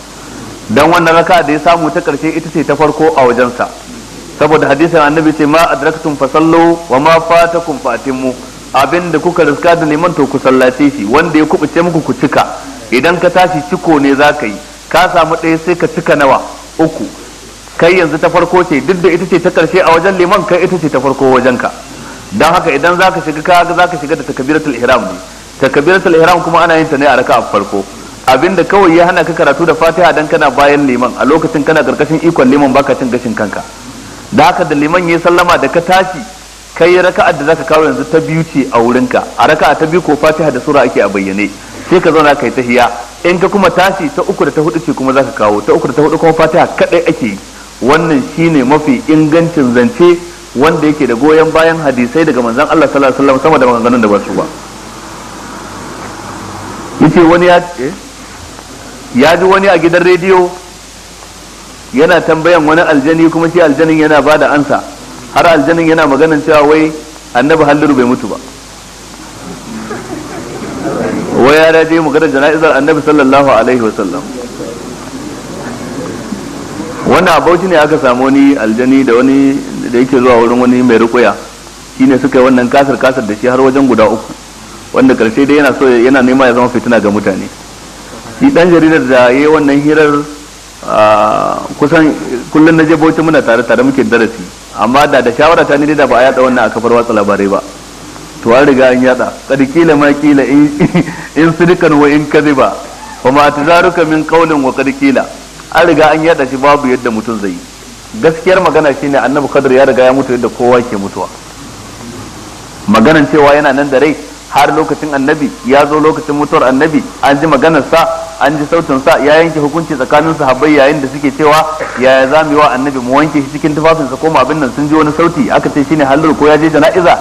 dan wannan raka da ya samu ta karshe ita ce ta farko a wajensa saboda hadisin annabi ce ma adraktum fasallu wa ma fatakum fatimmu abin da kuka riska da neman to ku sallace shi wanda ya kubuce muku ku cika idan ka tashi ciko ne zaka yi ka samu ɗaya sai ka cika nawa uku kai yanzu ta farko ce duk da ita ce ta karshe a wajen liman kai ita ce ta farko wajen ka dan haka idan zaka shiga ka shiga da takabiratul ihram ne takabiratul ihram kuma ana yin ta ne a raka a farko abinda kawai ya hana ka karatu da fatiha dan kana bayan liman a lokacin kana karkashin ikon liman baka cin gashin kanka da haka da liman ya sallama da ka tashi kai raka'ar da zaka kawo yanzu ta biyu ce a wurinka a raka'a ta biyu ko fatiha da sura ake a bayyane sai ka zauna kai tahiya in ka kuma tashi ta uku da ta hudu ce kuma za ka kawo ta uku da ta hudu kuma fatiha kadai ake yi wannan shine mafi ingancin zance wanda yake da goyon bayan hadisai daga manzon Allah sallallahu alaihi wasallam sama da maganganun da ba su ba yace wani ya eh? ya ji wani a gidan rediyo yana tambayan wani aljani kuma shi aljanin yana bada ansa har aljanin yana maganan cewa wai annabi halliru bai mutu ba wai ya je mu gada jana'izar annabi sallallahu alaihi wasallam wannan abauci ne aka samu wani aljani da wani da yake zuwa wurin wani mai rukuya ne suka yi wannan kasar kasar da shi har wajen guda uku wanda karshe dai yana so yana nema ya zama fitina ga mutane shi dan jaridar da ya yi wannan hirar kusan kullum na je bauchi muna tare tare muke darasi amma da da shawara ta ni da ba a yada wannan a kafar watsa labarai ba to an riga an yada kad kila ma kila in in wa in kadiba wa ma tazaruka min qawlin wa kad kila an riga an yada shi babu yadda mutum zai yi gaskiyar magana shine annabi kadar ya riga ya mutu yadda kowa ke mutuwa maganan cewa yana nan da rai har lokacin annabi ya zo lokacin mutuwar annabi an ji maganar sa an ji sautin sa ya yanke hukunci tsakanin sahabbai yayin da suke cewa yaya za mu yi wa annabi mu wanke shi cikin tufafinsa ko abin nan sun ji wani sauti aka ce shine halal ko ya je jana'iza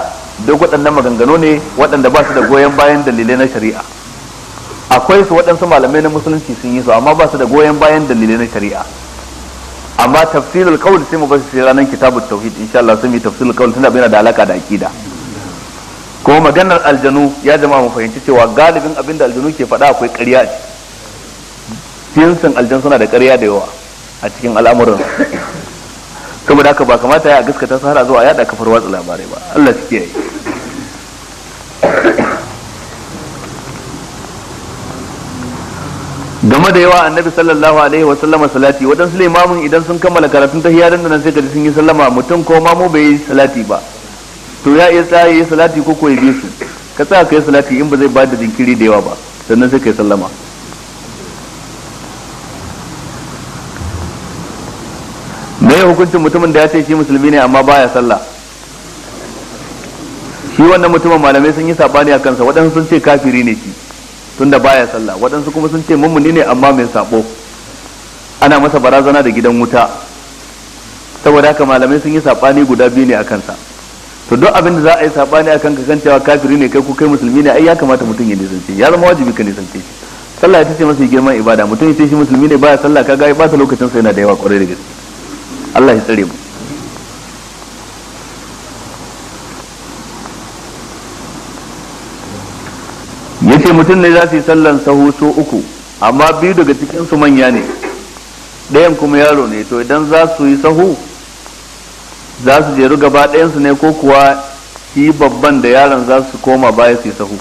duk waɗannan maganganu ne waɗanda ba su da goyon bayan dalilai na shari'a akwai su waɗansu malamai na musulunci sun yi su amma ba su da goyon bayan dalilai na shari'a amma tafsirul kawul sai mu ba su ranar kitabut tauhid insha Allah sun yi tafsirul qawl tunda yana da alaka da aqida kuma maganar aljanu ya jama'a mu fahimci cewa galibin abin da aljanu ke faɗa akwai ƙarya ce jinsin aljan suna da ƙarya da yawa a cikin al'amuran saboda haka ba kamata ya gaskata su har a zuwa yaɗa kafar watsa labarai ba Allah shi kiyaye game da yawa annabi sallallahu alaihi wa sallama salati su limamin idan sun kammala karatun tahiyya dan nan sai ka sun yi sallama mutum ko mamu bai yi salati ba to ya iya tsaya yi salati ko koyi ya su ka tsaya kai salati in ba zai bada jinkiri da yawa ba sannan sai kai sallama me ya hukuncin mutumin da ya ce shi musulmi ne amma baya sallah shi wannan mutumin malamai sun yi sabani a kansa waɗansu sun ce kafiri ne shi tunda baya sallah waɗansu kuma sun ce mummuni ne amma mai sabo ana masa barazana da gidan wuta saboda haka malamai sun yi sabani guda biyu ne a kansa to duk abin da za a yi sabani akan ka kan cewa kafiri ne kai ko kai musulmi ne ai ya kamata mutum ya nisance ya zama wajibi ka nisanci sallah ita ce masa girman ibada mutum ya ce shi musulmi ne baya sallah kaga ya ta lokacin sa yana da yawa kwarai da gaske Allah ya tsare mu ce mutum ne za su yi sallan sahu so uku amma biyu daga cikin su manya ne ɗayan kuma yaro ne to idan za su yi sahu za su jeru gaba ɗayansu ne ko kuwa shi babban da yaron za su koma baya su yi sahu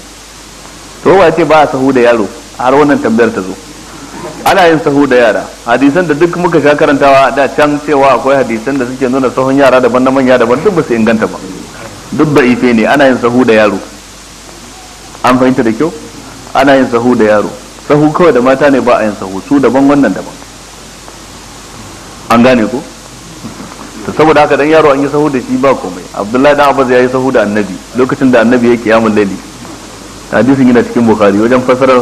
to ba ce ba a sahu da yaro har wannan tambayar ta zo ana yin sahu da yara hadisan da duk muka sha karantawa da can cewa akwai hadisan da suke nuna sahun yara daban na manya daban duk ba su inganta ba duk da ife ne ana yin sahu da yaro an fahimta da kyau ana yin sahu da yaro sahu kawai da mata ne ba a yin sahu su daban wannan daban an gane ko to saboda haka dan yaro an yi sahu da shi ba komai abdullahi dan abbas ya yi sahu da annabi lokacin da annabi yake yamun laili hadisin yana cikin bukhari wajen fasarar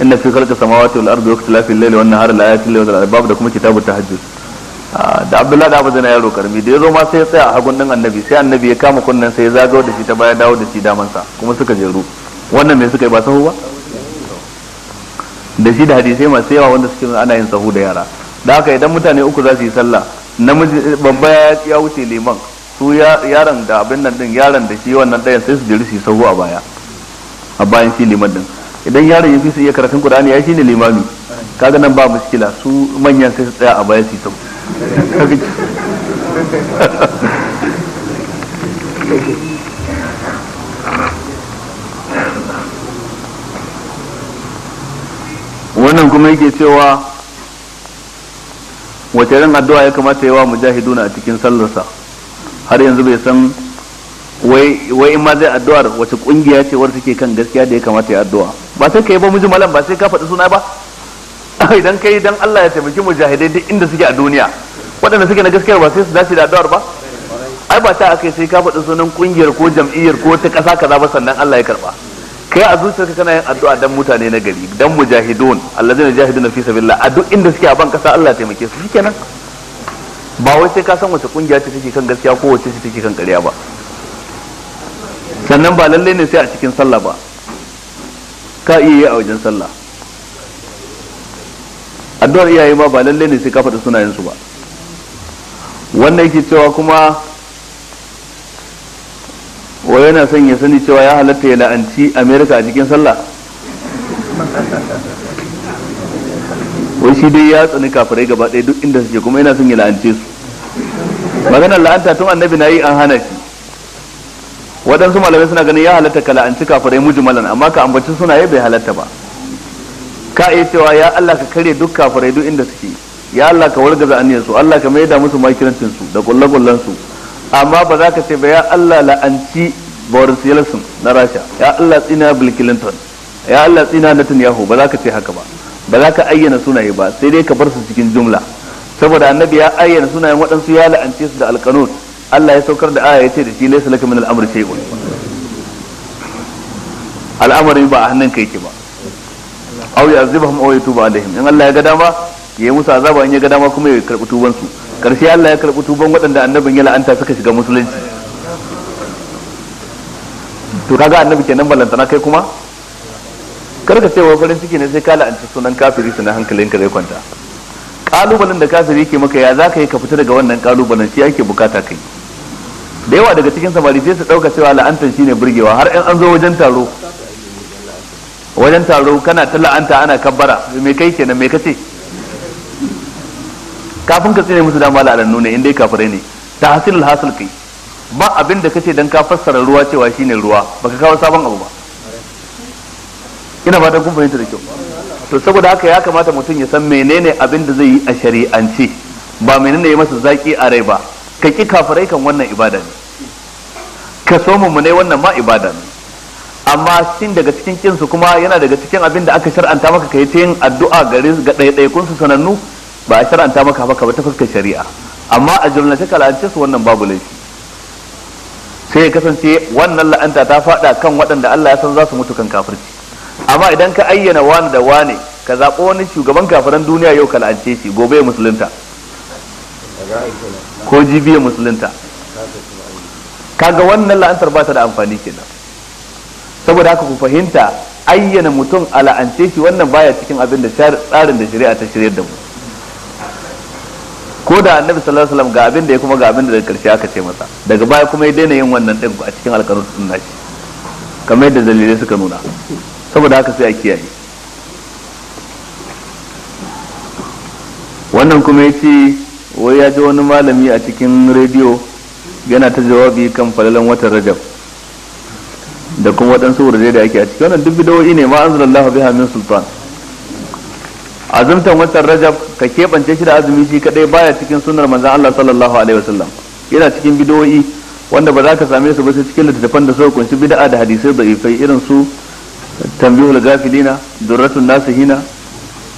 inna fi khalqi samawati wal ardi waqtilafi al-layli wan nahari la ayatin lil albab da kuma kitabut tahajjud ah, da abdullahi da abu na yaro karmi da yazo ma sai ya tsaya a hagun din annabi sai annabi ya kama kunnan sai ya zagawo da shi ta baya dawo da shi damansa kuma suka jeru wannan me suka yi ba sahu ba da shi da hadisai masu yawa wanda suke ana yin sahu da yara da haka idan mutane uku za su yi sallah namiji babba ya wuce liman su yaron da abin nan din yaron da shi wannan dayan sai su jiri su sahu a baya a bayan shi liman din idan yaron ya fi su iya karatun qur'ani ya shine limami kaga nan ba muskila su manyan sai su tsaya a baya su sahu wannan kuma yake cewa wace ran addu'a ya kamata yawa mujahiduna a cikin sallarsa har yanzu bai san wai in ma zai addu'ar wace kungiya ce wadda take kan gaskiya da ya kamata ya addu'a ba sai kai ba mu malam ba sai ka faɗi suna ba idan kai dan Allah ya taimaki mujahidai duk inda suke a duniya waɗanda suke na gaskiya ba sai su dace da addu'ar ba ai ba ta akai sai ka faɗi sunan kungiyar ko jam'iyyar ko ta ƙasa kaza ba sannan Allah ya karba kai a zuciyarka kana yin addu'a dan mutane na gari dan mujahidun allazina jahiduna fi sabilillah a duk inda suke a ban kasa Allah taimake su shikenan ba wai sai ka san wace kungiya ce take kan gaskiya ko wace ce take kan ƙarya ba sannan ba lalle ne sai a cikin sallah ba ka iya yi a wajen sallah addu'ar iyaye ma ba lalle ne sai ka faɗa sunayen su ba wannan yake cewa kuma wa yana son ya sani cewa ya halatta ya la'anci america a cikin sallah wai shi dai ya tsani kafirai gaba ɗaya duk inda suke kuma yana son ya la'ance su maganar la'anta tun annabi na yi an hana shi waɗansu malamai suna ganin ya halatta ka la'anci kafirai mujmalan amma ka ambaci suna yi bai halatta ba ka iya cewa ya Allah ka kare duk kafirai duk inda suke ya Allah ka wargaza aniyar su Allah ka maida musu makirancin su da kullakullan su amma ba za ka ce ba ya Allah la'anci Boris Yeltsin na Rasha ya Allah tsina Bill Clinton ya Allah tsina Netanyahu ba za ka ce haka ba ba za ka ayyana sunaye ba sai dai ka bar su cikin jumla saboda annabi ya ayyana sunayen waɗansu ya la'ance su da alƙanun Allah ya saukar da aya ya ce da shi laisa laka min al-amri shay'un al'amari ba a hannun kai ke ba aw zibahum aw yatubu alaihim in Allah ya ga dama yayi musu azaba in ya ga dama kuma ya karɓi tubansu karshe Allah ya karɓi tuban waɗanda annabin ya la'anta suka shiga musulunci to kaga annabi kenan ballantana kai kuma karka cewa farin ciki ne sai ka la'anci sunan kafiri sunan hankalin ka zai kwanta kalubalen da kafiri ke maka ya zaka yi ka fita daga wannan kalubalen shi ake bukata kai da yawa daga cikin samari sai su dauka cewa la'antar shine burgewa har in an zo wajen taro wajen taro kana ta la'anta ana kabbara me kai kenan me ce. kafin ka tsine musu dama nuna ne indai kafirai ne ta hasilul hasil kai ba abin da kace dan ka fassara ruwa cewa shine ruwa baka kawo sabon abu ba ina fatan kun fahimta da kyau to saboda haka ya kamata mutum ya san menene abin da zai yi a shari'ance ba menene ya masa zaki a rai ba ka ki kafirai kan wannan ibada ne ka so mu ne wannan ma ibada ne amma shin daga cikin kinsu kuma yana daga cikin abin da aka shar'anta maka yi ta yin addu'a ga ɗaiɗaikunsu sanannu ba a shara'anta maka haka ba ta fuskar shari'a amma a jumlace kalance su wannan babu laifi sai ya kasance wannan la'anta ta fada kan waɗanda Allah ya san za su mutu kan kafirci amma idan ka ayyana wani da wani ka zaɓo wani shugaban kafiran duniya yau ka la'ance shi gobe musulunta ko jibiya musulunta kaga wannan la'antar ba ta da amfani kenan saboda haka ku fahimta ayyana mutum a la'ance shi wannan baya cikin abin da tsarin da shari'a ta shirya da mu ko da annabi sallallahu alaihi wasallam ga abin da ya kuma ga abin da daga karshe aka ce masa daga baya kuma ya daina yin wannan din a cikin alƙarun sunna shi kamar yadda dalilai suka nuna saboda haka sai a kiyaye wannan kuma ya ce wai ya ji wani malami a cikin rediyo yana ta jawabi kan falalan watan rajab da kuma waɗansu wurare da ake a cikin wannan duk bidawoyi ne ma an biha min sultan azumtan watan rajab ka keɓance shi da azumi shi kadai baya cikin sunnar manzon Allah sallallahu alaihi wasallam yana cikin bidoyi wanda ba za ka same su ba sai cikin littattafan da suka kunshi bid'a da hadisai da ifai irin su tambihul gafilina durratun nasihina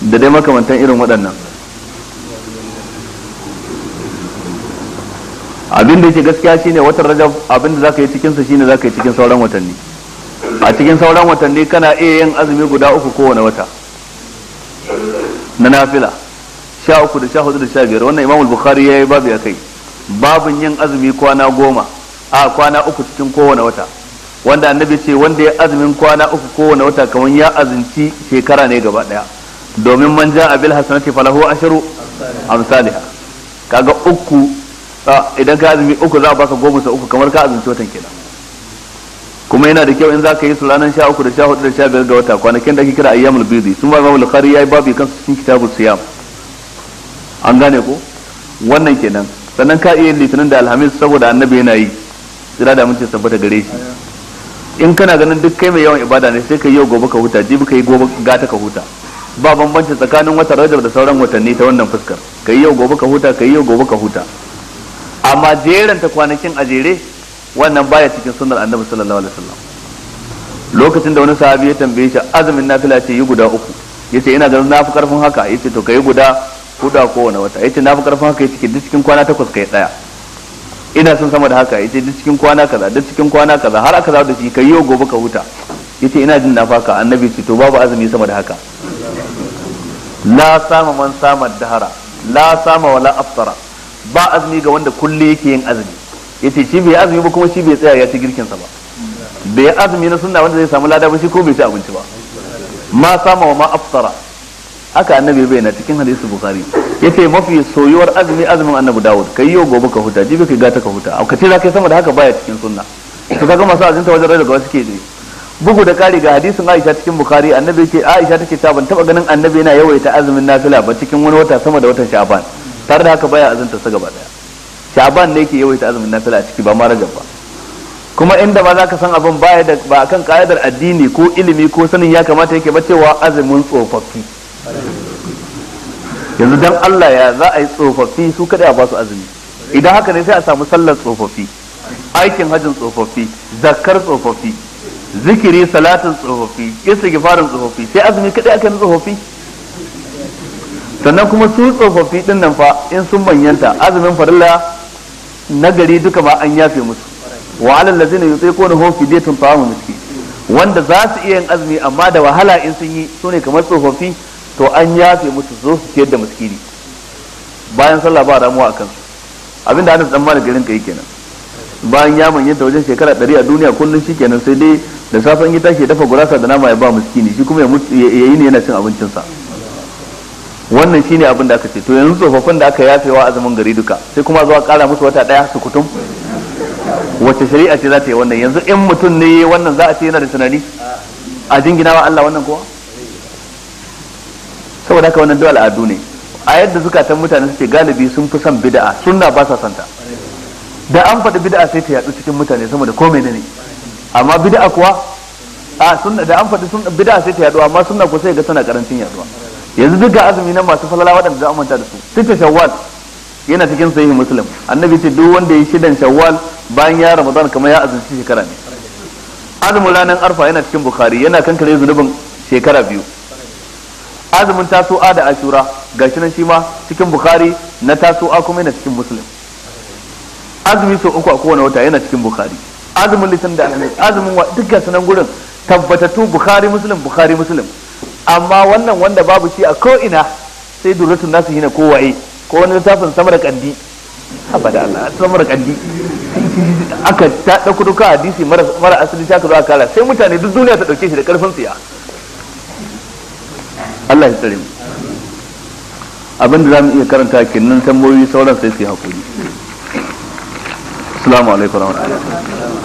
da dai makamantan irin waɗannan abin da yake gaskiya shine watan rajab abin da zaka yi cikin sa shine zaka yi cikin sauran watanni a cikin sauran watanni kana iya yin azumi guda uku kowane wata na nafila sha uku da sha hudu da sha biyar wannan imam bukhari ya yi babu ya kai babin yin azumi kwana goma a kwana uku cikin kowane wata wanda annabi ce wanda ya azumin kwana uku kowane wata kamar ya azinci shekara ne gaba daya domin man ja abil hasanati falahu asharu amsalha kaga uku idan ka azumi uku za a baka goma sa uku kamar ka azinci watan kenan kuma yana da kyau in za ka yi su ranar sha uku da sha hudu da sha biyar ga wata kwanakin da ake kira ayyamul bidi sun ba babu bukhari yayi babu kan cikin kitabu siyam an gane ko wannan kenan sannan ka iya litinin da alhamis saboda annabi yana yi jira da amince tabbata gare shi in kana ganin duk kai mai yawan ibada ne sai ka yi yau gobe ka huta jibi ka yi gobe gata ka huta ba bambanci tsakanin watan rajab da sauran watanni ta wannan fuskar ka yi yau gobe ka huta ka yi yau gobe ka huta amma jeranta kwanakin a jere wannan baya cikin sunnar annabi sallallahu alaihi wasallam lokacin da wani sahabi ya tambaye shi azumin nafila ce yi guda uku yace ina ganin nafi karfin haka yace to kai guda huda kowane wata yace nafi karfin haka yace duk cikin kwana takwas kai daya ina son sama da haka yace duk cikin kwana kaza duk cikin kwana kaza har aka zawo da shi kai yau gobe ka huta yace ina jin nafi haka annabi ce to babu azumi sama da haka la sama man sama dahara la sama wala aftara ba azumi ga wanda kulle yake yin azumi yace shi bai azumi ba kuma shi bai tsaya ya ci girkin sa ba bai azumi na sunna wanda zai samu lada ba shi ko bai ci abinci ba ma sama wa ma aftara haka annabi bai na cikin hadisi bukhari yace mafi soyuwar azumi azumin annabi dawud kai yau gobe ka huta jibi kai gata ka huta ka tira kai sama da haka baya cikin sunna to kaga masu azinta wajen rai da gaba suke dai bugu da kari ga hadisin Aisha cikin Bukhari annabi yake Aisha take cewa ban taba ganin annabi yana yawaita azumin nafila ba cikin wani wata sama da watan Sha'ban tare da haka baya azunta sa gaba daya shaban ne yake yawaita azumin nafila a ciki ba ma rajab ba kuma inda ba za ka san abin baya da ba kan ka'idar addini ko ilimi ko sanin ya kamata yake ba cewa azumin tsofaffi yanzu dan Allah ya za a yi tsofaffi su kada a ba azumi idan haka ne sai a samu sallar tsofaffi aikin hajjin tsofaffi zakkar tsofaffi zikiri salatin tsofaffi istighfarin tsofaffi sai azumi kadai aka yi tsofaffi sannan kuma su tsofaffi din nan fa in sun manyanta azumin farilla nagari duka ma an yafe musu wa alal ladzina yutiquna hum fidyatun ta'amu miski wanda za su iya yin azumi amma da wahala in sun yi sune kamar tsofaffi to an yafe musu zo su ciyar da miskini bayan sallah ba ramuwa a kansu abinda ana dan Malik garin kai kenan bayan ya manyanta wajen shekara ɗari a duniya kullum shi kenan sai dai da safen ya tashi dafa gurasa da nama ya ba miskini shi kuma ya yi ne yana cin abincinsa wannan shine abin da aka ce to yanzu tsofaffin da aka yafewa azumin gari duka sai kuma zuwa kara musu wata daya su kutum wace shari'a ce za ta yi wannan yanzu in mutum ne wannan za a ce yana da sanari a jingina wa Allah wannan kuwa saboda haka wannan duk al'adu ne a yadda zukatan mutane suke galibi sun fi son bid'a sunna ba sa santa da an faɗi bid'a sai ta yaɗu cikin mutane sama da komai ne amma bid'a kuwa a sunna da an faɗi sunna bid'a sai ta yaɗu amma sunna ko sai ga tana karancin yaduwa yanzu duk ga azumi na masu falala waɗanda za a manta da su sita shawwal yana cikin sahihin muslim annabi ce duk wanda ya shidan shawwal bayan ya ramadan kamar ya azumci shekara ne azumin ranar arfa yana cikin bukhari yana kankare zunubin shekara biyu azumin tasu'a da ashura gashi nan shi ma cikin bukhari na tasu'a kuma yana cikin muslim azumi sau uku a kowane wata yana cikin bukhari azumin litin da azumin wa duk ga sanan gurin tabbatattu bukhari muslim bukhari muslim amma wannan wanda babu shi a ko'ina sai durratun nasu hina kowaye ko wani littafin samar kandi abada Allah samar kandi aka ta dauko duka hadisi mara asali ta kaza kala sai mutane duk duniya ta dauke shi da karfin siya. Allah ya tsare mu abin da zamu iya karanta kinnan tambayoyi sauran sai su hakuri assalamu alaikum warahmatullahi